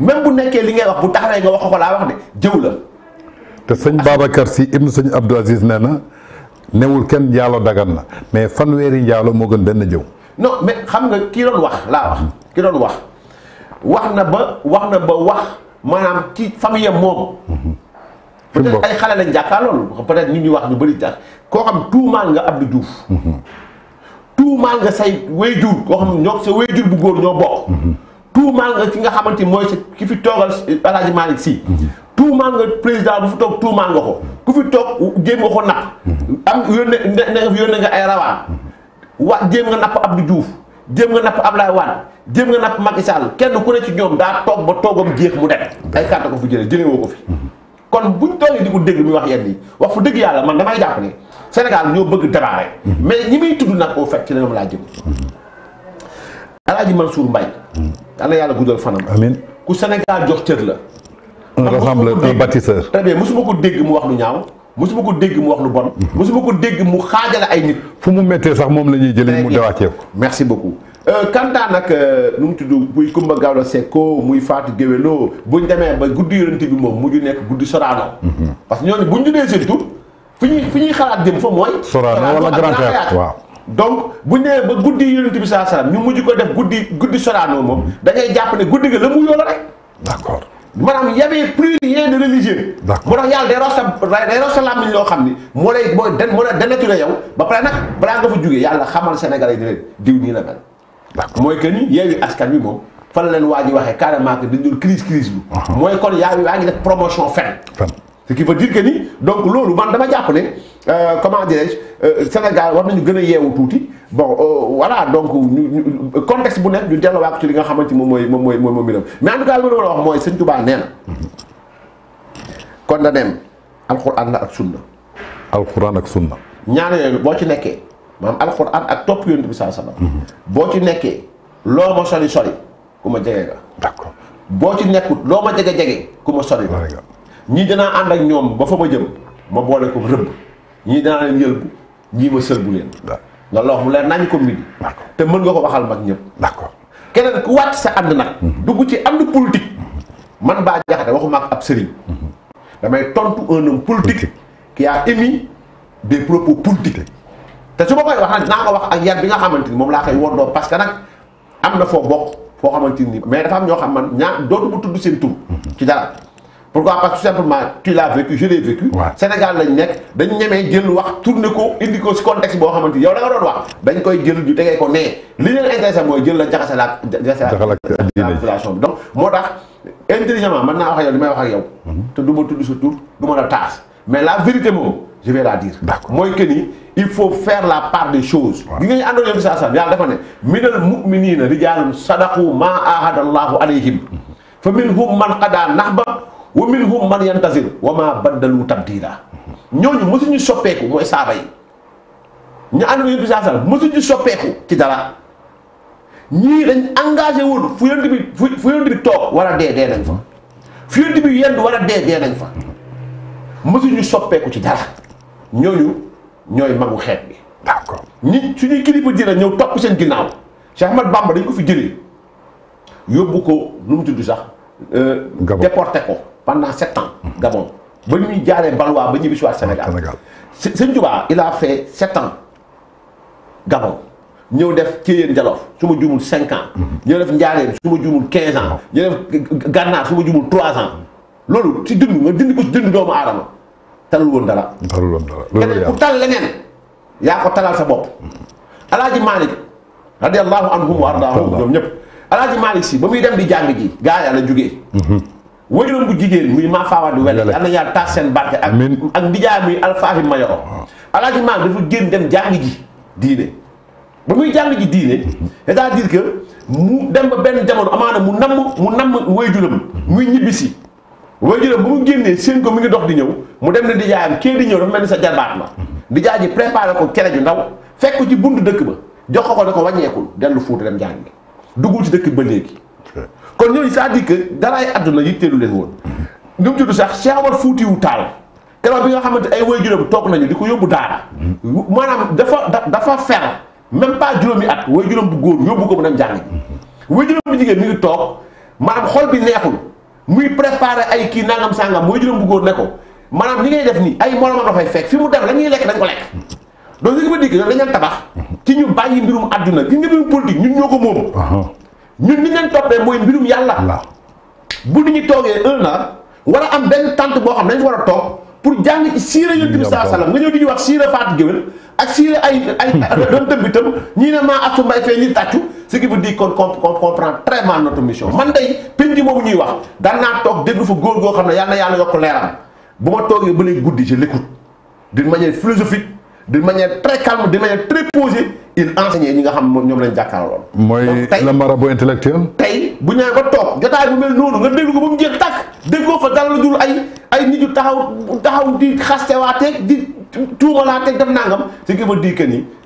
même bu nekké li ngay wax bu taxalé nga wax ko la wax de djew la té sëñ babakar si ibnu sëñ Abdou Aziz néna néwul newul kenn dagan na mais wéri njaalo mo gën ben djew non mais xam nga ki doon wax la wax ki doon wax wax na ba wax na ba wax manam ci famiyam mom peut-être ay xale lañ jàkkaarloon peut-être nit ñi wax ñu bari tax ko xam mal nga Abdou tout mal mhm. nga say wayjur ko xam ñok sa wayjur bu goor ñoo bok mhm. tuumaal nga ki nga xamante mooy ki fi toogal El Hadj Malick Sy tuumaal nga président bu fi toog tuumaal nga ko ku fi toog jéem nga ko napp am yónne ne yónne nga ay rawaan wa jéem nga napp Abdou Diouf jéem nga napp Ablaye Wade jéem nga napp Macky Sall kenn ku ne ci ñoom daa toog ba toogam jeex mu dem ay kàrta ko fi jële jëlee woo ko fi kon bu buñ toogee di ko dégg muy wax yenn yi wax fu dëgg yàlla man damay jàpp ne Sénégal ñoo bëgg débat rek mm-hmm. mais ñi muy tudd nag au fait ci la laa jëm mm-hmm. El Hadj Mansour Mbaye mm-hmm. yàlla yàlla guddal fanam. amiin ku Sénégal jox cër la. un rassembleur un bâtisseur. très bien mosuma ko dégg mu wax lu ñaaw mosuma ko dégg mu wax lu bon. Mhm. mosuma ko dégg mu xaajale ay nit. fu mu méttee sax moom la ñuy jëlee mu dawaatee ko. merci beaucoup. Euh, Kanta nag lu euh, mu tudd muy Kumba Gawlo Sekko muy Fatou Guewelo buñ demee ba guddi yonent bi moom mu mujj nekk guddi Sorano. Mhm. parce que ñooñu buñ ñu nee seen tur fi ñuy fi ñuy xalaat jëm fa mooy. Sorano wala Grand Théâtre waaw. donc bu nee ba guddi yonent bi saa salaam ñu mujj ko def guddi guddi Sorano moom da ngay jàpp ne guddi ga la mu yoola rek. d'accord maanaam y avait plus rien de religieux. d'accord moo tax yàlla day roos sa loo xam ni moo lay moo den moo yow ba pare nag balaa nga fa jugee yàlla xamal Sénégalais yi ne leen diw nii la mel. d'accord mooy que ni yeewi askan wi moom. fan la leen waa ji waxee carrément que dañ doon crise crise bi. Uh-huh. mooy kon yaa ngi yaa ngi def promotion ce qui veut dire que ni donc loolu man dama jàpp ne euh, comment dirais-je euh, Sénégal war nañu gën a yeewu tuuti bon euh, voilà donc ñu contexte bu nekk ñu delluwaat ci li nga xamante moom mooy moom mooy moom mbiram mais en tout cas li ma la wax mooy sëñ Touba nee na. kon na dem alxuraan la ak sunna. alxuraan ak sunna. ñaar yooyu boo ci nekkee maanaam alxuraan ak topp yonent bi saa sama. boo ci nekkee loo ma sori sori ku ma jege nga. d'accord boo ci nekkut loo ma jege jege ku ma sori. ñi dina and ak ñom ba fa ma jëm ma boole ko reub ñi dina leen yelbu ñi ma selbu leen nga lox mu leer nañ ko mbi te mën nga ko waxal mak ñep d'accord keneen ku wat sa and nak mhm. duggu ci and politique man ba jaxate waxuma ak ab serigne mhm. damay tontu un homme politique qui a émis des propos politiques te su ma koy wax na nga wax ak yar bi nga xamanteni mom la xey koy parce que nak amna fo bok fo xamanteni mais dafa am ño xam man ñaa dootu bu tuddu sen tour mhm. ci dara pourquoi parce que tout simplement tu l'as vécu je l'ai vécu Sénégal lañ nekk dañ ñemee jël wax tourné ko indi ko si contexte boo xamante yow da nga doon wax dañ koy jël ñu tegee ko nee li leen intéressé mooy jël la jaxase la jaxase population bi donc moo tax intelligemment mën naa wax ak yow li may wax ak yow mhm. te du ma tudd sa tur la taas mais la vérité moi, je vais la dire mooy que ni il faut faire la part des choses gi nga ñu àndoon yow bi saa sam yàlla dafa ne minal muminina rijalun sadaqu ma ahadallahu alayhim mhm. fa minhum man qadaa nahba wa minhum man yantazir wa ma baddalu tabdila ñooñu mësuñu soppeeku mooy saaba yi ñu ànd na yonent bi saa ci dara ñii dañ engagé woon fu yonent bi fu yonent bi toog war a dee dee nañ fa fu yonent bi yendu war a dee dee nañ fa mësuñu soppeeku ci dara ñooñu ñooy magu xeet bi d'accord ñi suñuy kilifa dina ñëw topp seen ginnaaw Cheikh Ahmad Bamba dañ ko fi jëlee yóbbu ko nu mu tudd sax euh, déporté ko pendant 7 ans. Gabon ba ñuy jaaree Balwa ba Sénégal. Touba il a fait sept ans Gabon il def fait 5 ans. fait mhm. def ans. Il a fait ans. fait def ans. Il a fait ans. ans. ci dund fait dindi ko il a fait aadama ans. il dara. fait dara Il a tal leneen ans. ko talal sa bopp. ans. Il a fait wa ans. Il a fait Malik, si il a dem di ans. il a fait la wëjëloon bu jigéen muy maa faawaadu wele yal na yàlla taas seen barke ak ak ndijaay muy alfaahi mayoro ah. alaaji maam dafa génn dem jàng ji diine ba muy jàng ji diine c'est-à-dire que mu dem ba benn jamono amaana mu namm mu namm wëjëlam muy ñibbisi wëjëlam bu mu génnee seen ko mu ngi dox di ñëw mu dem ne ndijaayam kee di ñëw dafa mel ni sa jarbaat ma ndijaay ji préparé ko kere ju ndaw fekk ko ci buntu dëkk ba jox ko ko ne ko wàññeekul dellu fuuta dem jàng dugul ci dëkk ba léegi kon ñooñu cest à dikk que daraay àdduna yitteelu leen woon ñu tudd sax Cheikh Omar Foutiou Tall keroog bi nga xamante ay woy juróom toog nañu di ko yóbbu daara maanaam dafa dafa fer même pas juróomi at woy juróom bu góor yóbbu ko mu dem jàngi woy juróom bu jigéen mi ngi toog maanaam xol bi neexul muy préparé ay kii nangam sàngam woy juróom bu góor ne ko maanaam li ngay def nii ay moromam dafay fekk fi mu def la ñuy lekk dañ ko lekk donc li nga ma dégg dañ leen tabax ci ñu bàyyi mbirum àdduna gi nga mbirum politique ñun ñoo ko moom ñun ni leen toppee mooy mbirum yàlla bu nit ñu toogee un an war a am benn tante boo xam dañ fa war a toog pour jàng ci siira yonent bi saa salaam nga ñëw di ñu wax siira faat géwél ak siira ay ay doon tëm bi tëm ñii ne maa asu mbay fee ñi tàccu ce qui veut dire qu'on comprend très mal notre mission man day pénc moomu ñuy wax daan naa toog déglu fa góor goo xam ne yàlla yàlla yokk leeram bu ma toogee ba lay guddi je l'écoute d'une manière philosophique de manière très calme de manière très posée il enseignait ñi nga xam moom ñoom lañ jàkkaarloon. mooy le marabout intellectuel. tey bu ñëwee ba toog jotaay bu mel noonu nga déglu ko ba mu jeex tàkk déggoo fa dara la dul ay ay nit ñu taxaw taxaw di xastewaateeg di tuumalaatee def nangam ce qui veut dii que ni.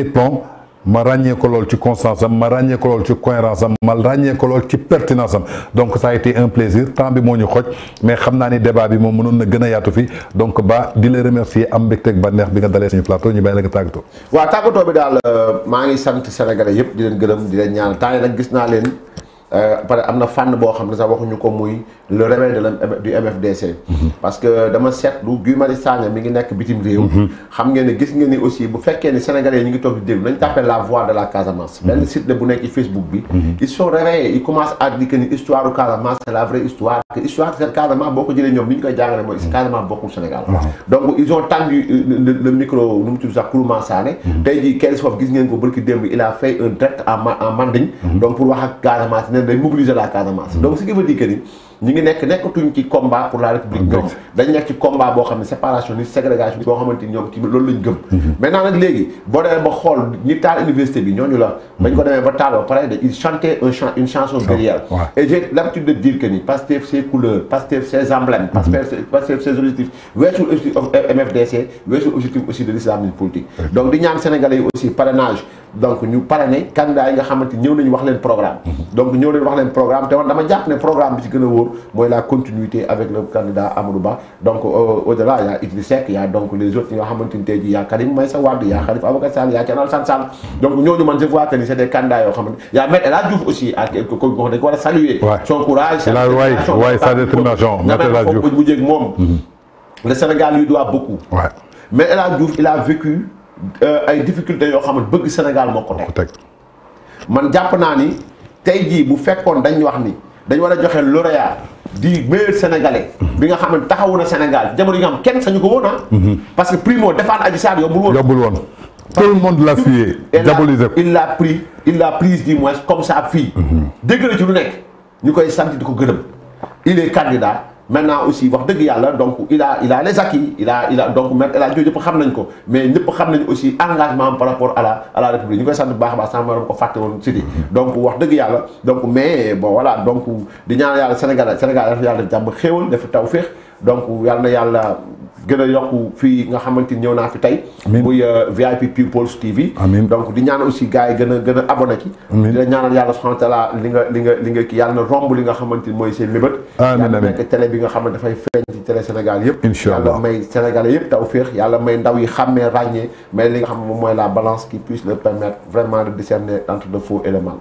dépend ma ragné ko lol ci constance am ma ragné ko lol ci cohérence am ma ragné ko lol ci pertinence am donc ça a été un plaisir tant bi moñu xoj mais xamna ni débat bi moom mënoon na gëna a fi donc ba di le remercier am ba neex bi nga dalé suñu plateau ñu bàyyi la nga tàggatoo. waaw bi dal euh, ma ngi sante Sénégalais yépp di leen gërëm di leen ñaan temps nag gis na leen. Euh, par que am le réveil de du MFDC. Mhm. parce que dama mon cercle Marius Sagna mi ngi nek bitim rew mhm. xam ngeen ne gis ni aussi bu sénégalais ñi ngi la voix de la Casamance. le mhm. site de bu Facebook ils sont réveillés ils commencent à dire que histoire du Casamance la vraie histoire. que histoire de Casamance boko de ñom koy Casamance Sénégal. donc ils ont tendu euh, le micro nous mu sax Sané. tay di qu'elle gis ko il a fait un direct à en manding. donc pour wax ak Casamance de mobiliser la masse mm-hmm. donc ce qui veut dire que ni ñu ngi nekk combat pour la république ñoom dañ nekk ci combat pour xam séparation ni ségrégation boo xamante ni ñoom ci loolu lañ gëm mm-hmm. maintenant nag léegi boo demee ba xool ñi taal université bi ñooñu la mm-hmm. bañ ko chantaient un chant une chanson guerrière et j'ai l'habitude de dire que ni Pastef ses couleurs Pastef ses emblèmes Pastef ses objectifs weesul objectif euh, MFDC objectif aussi de l'islamisme politique donc di ñaan sénégalais par aussi parrainage donc ñu parrainer candidat yi nga xamante ñëw nañu wax leen programme mhm. donc ñëw leen wax leen programme te woon dama jàpp ne programme bi ci gën a wóor la continuité avec le candidat Amadou Ba donc euh, au delà il y a Idriss Seck il y a donc les autres ñi nga xamante ni tey jii y a Karim Meïssa Wade y a Khalifa Ababacar Sall y a Thierno Alassane Sall mhm. donc ñooñu man je vois que c'est des candidats yoo il y a Maître El Hadji Diouf aussi à ko ko dañ ko war saluer son courage sa détermination Maître El Hadji Diouf bu mhm. le Sénégal lui doit beaucoup mais El Hadji Diouf il a vécu Euh, ay difficulté yo xam ne bëgg Sénégal moo ko teg man japp na ni tay ji bu fekkoon dañ wax ni dañ wara joxe lauréat di meilleur sénégalais bi nga xamne ne taxawu na Sénégal jamono yi nga am kenn sañu ko woon ah. mhm. parce que primo défendre Adji Sarr yombul woon. yombul woon tout le monde l'a fié diabolisé il l'a pris il l'a prise du moins comme ça fii. Mhm. dégg na ci lu nek ñukoy sant di il est candidat. maintenant aussi wax deug yalla donc il a il a les acquis il a il a donc mais il a Diop ñëpp xam nañ ko mais ñëpp xam nañ aussi engagement par rapport à la à la république ñu koy sant bu baax a maram ko faté won sidi donc wax deug yalla donc mais bon voilà donc di ñaan yàlla Sénégal Sénégal jamm xewal def tawfiq donc yalla na yalla yokku VIP People's TV donc di aussi gars gëna vous abonné la ñaanal subhanahu wa taala li nga li nga li nga Sénégalais may ndaw yi mais li nga xam la balance qui puisse le permettre vraiment de discerner entre le faux et le mal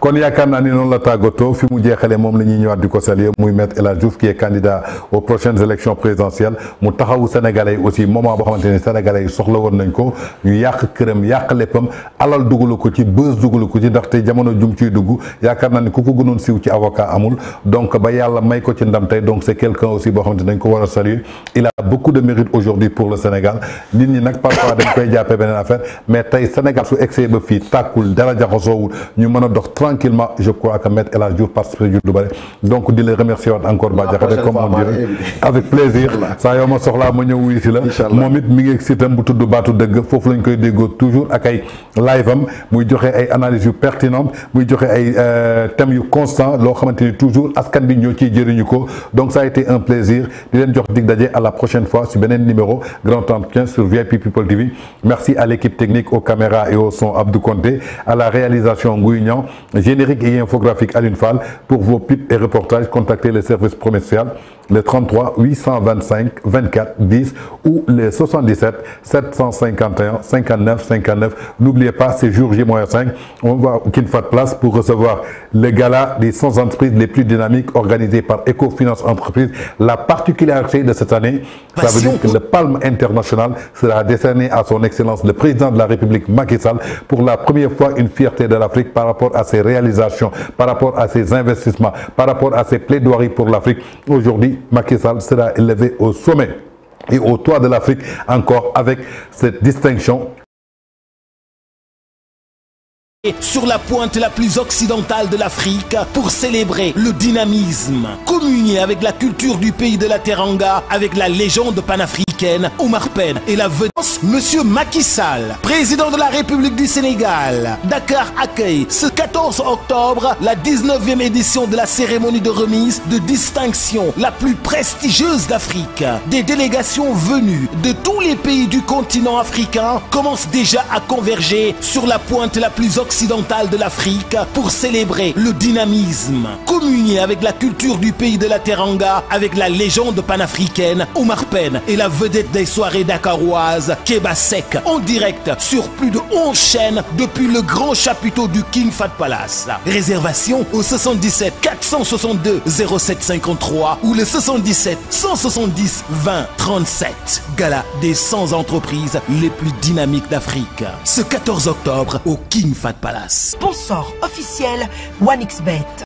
kon yakarna ni non la tagoto fi mu jexale mom la ñi ñëwaat diko ko muy maître El Hadj Diouf qui est candidat aux prochaines élections présidentielles mu taxaw sénégalais aussi moment bo xamanteni sénégalais soxla won nañ ko ñu yak kërëm yak leppam alal dugalu ko ci bës dugalu ko ci ndaxte jamono jum ci dugg yakarna ni kuku gënoon siw ci avocat amul donc ba yalla may ko ci ndam tay donc c'est quelqu'un aussi bo xamanteni dañ ko wara saluer il a beaucoup de mérite aujourd'hui pour le Sénégal nit ñi nak parfois dañ koy jappé benen affaire mais tay Sénégal su excès ba fi takul dara jaxasoowul ñu mëna a dox tranquillement, je crois, que Maître El parce que du Dubaï. Donc, je les remercie encore, Badjakare, comme on dirait. Avec plaisir. Ça y est, on sort là, je suis là. Mon mythe, je suis là, je suis là, de suis faut je des là, toujours avec live, je suis une analyse pertinente, je suis euh, un thème constant, je suis toujours, Askan Bignoti, Djerinuko. Donc, ça a été un plaisir. Je vous dis à la prochaine fois sur Benen numéro, grand entretien sur VIP People TV. Merci à l'équipe technique, aux caméras et au son Abdou Conté, à la réalisation Gouignan. Générique et infographique à l'UNFAL. Pour vos pipes et reportages, contactez les services commercial le 33 825 24 10 ou le 77 751 59 59. N'oubliez pas, c'est jour J-5. On va au de Place pour recevoir le gala des 100 entreprises les plus dynamiques organisées par Ecofinance Entreprises. La particularité de cette année, ça veut dire que le Palme International sera décerné à son excellence le président de la République Macky Sall pour la première fois une fierté de l'Afrique par rapport à ses réalisations, par rapport à ses investissements, par rapport à ses plaidoiries pour l'Afrique, aujourd'hui, Macky Sall sera élevé au sommet et au toit de l'Afrique encore avec cette distinction sur la pointe la plus occidentale de l'Afrique pour célébrer le dynamisme, communier avec la culture du pays de la Teranga, avec la légende panafricaine Omar Pen et la vedance Monsieur Macky Sall, président de la République du Sénégal. Dakar accueille ce 14 octobre la 19e édition de la cérémonie de remise de distinction la plus prestigieuse d'Afrique. Des délégations venues de tous les pays du continent africain commencent déjà à converger sur la pointe la plus occidentale occidentale de l'Afrique pour célébrer le dynamisme, communier avec la culture du pays de la Teranga, avec la légende panafricaine Omar Pen et la vedette des soirées dakaroises Keba en direct sur plus de 11 chaînes depuis le grand chapiteau du King Fat Palace. Réservation au 77 462 0753 ou le 77 170 20 37. Gala des 100 entreprises les plus dynamiques d'Afrique. Ce 14 octobre au King Fat Sponsor officiel 1xBet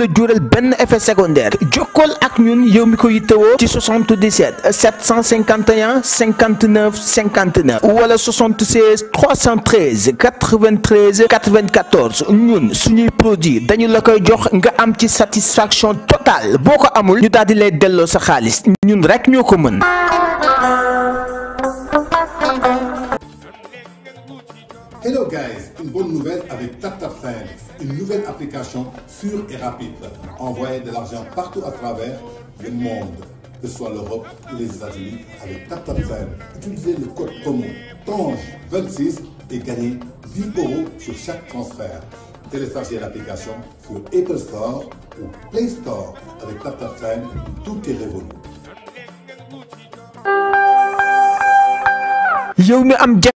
la le bon effet secondaire Jokol ak ñun yow ko yittewoo 77 751 59 59 wala 76 313 93 94 ñun suñuy produit dañu la koy jox nga am ci satisfaction totale boko amul ñu daal di lay sa ñun rek Hello guys, une bonne nouvelle avec TapTapSend une nouvelle application sûre et rapide. Envoyer de l'argent partout à travers le monde, que ce soit l'Europe ou les États-Unis, avec TapTapSend. Utilisez le code commun TANGE26 et gagnez 10 euros sur chaque transfert. Téléchargez l'application sur Apple Store ou Play Store avec TapTapSend. Tout est révolu. Yo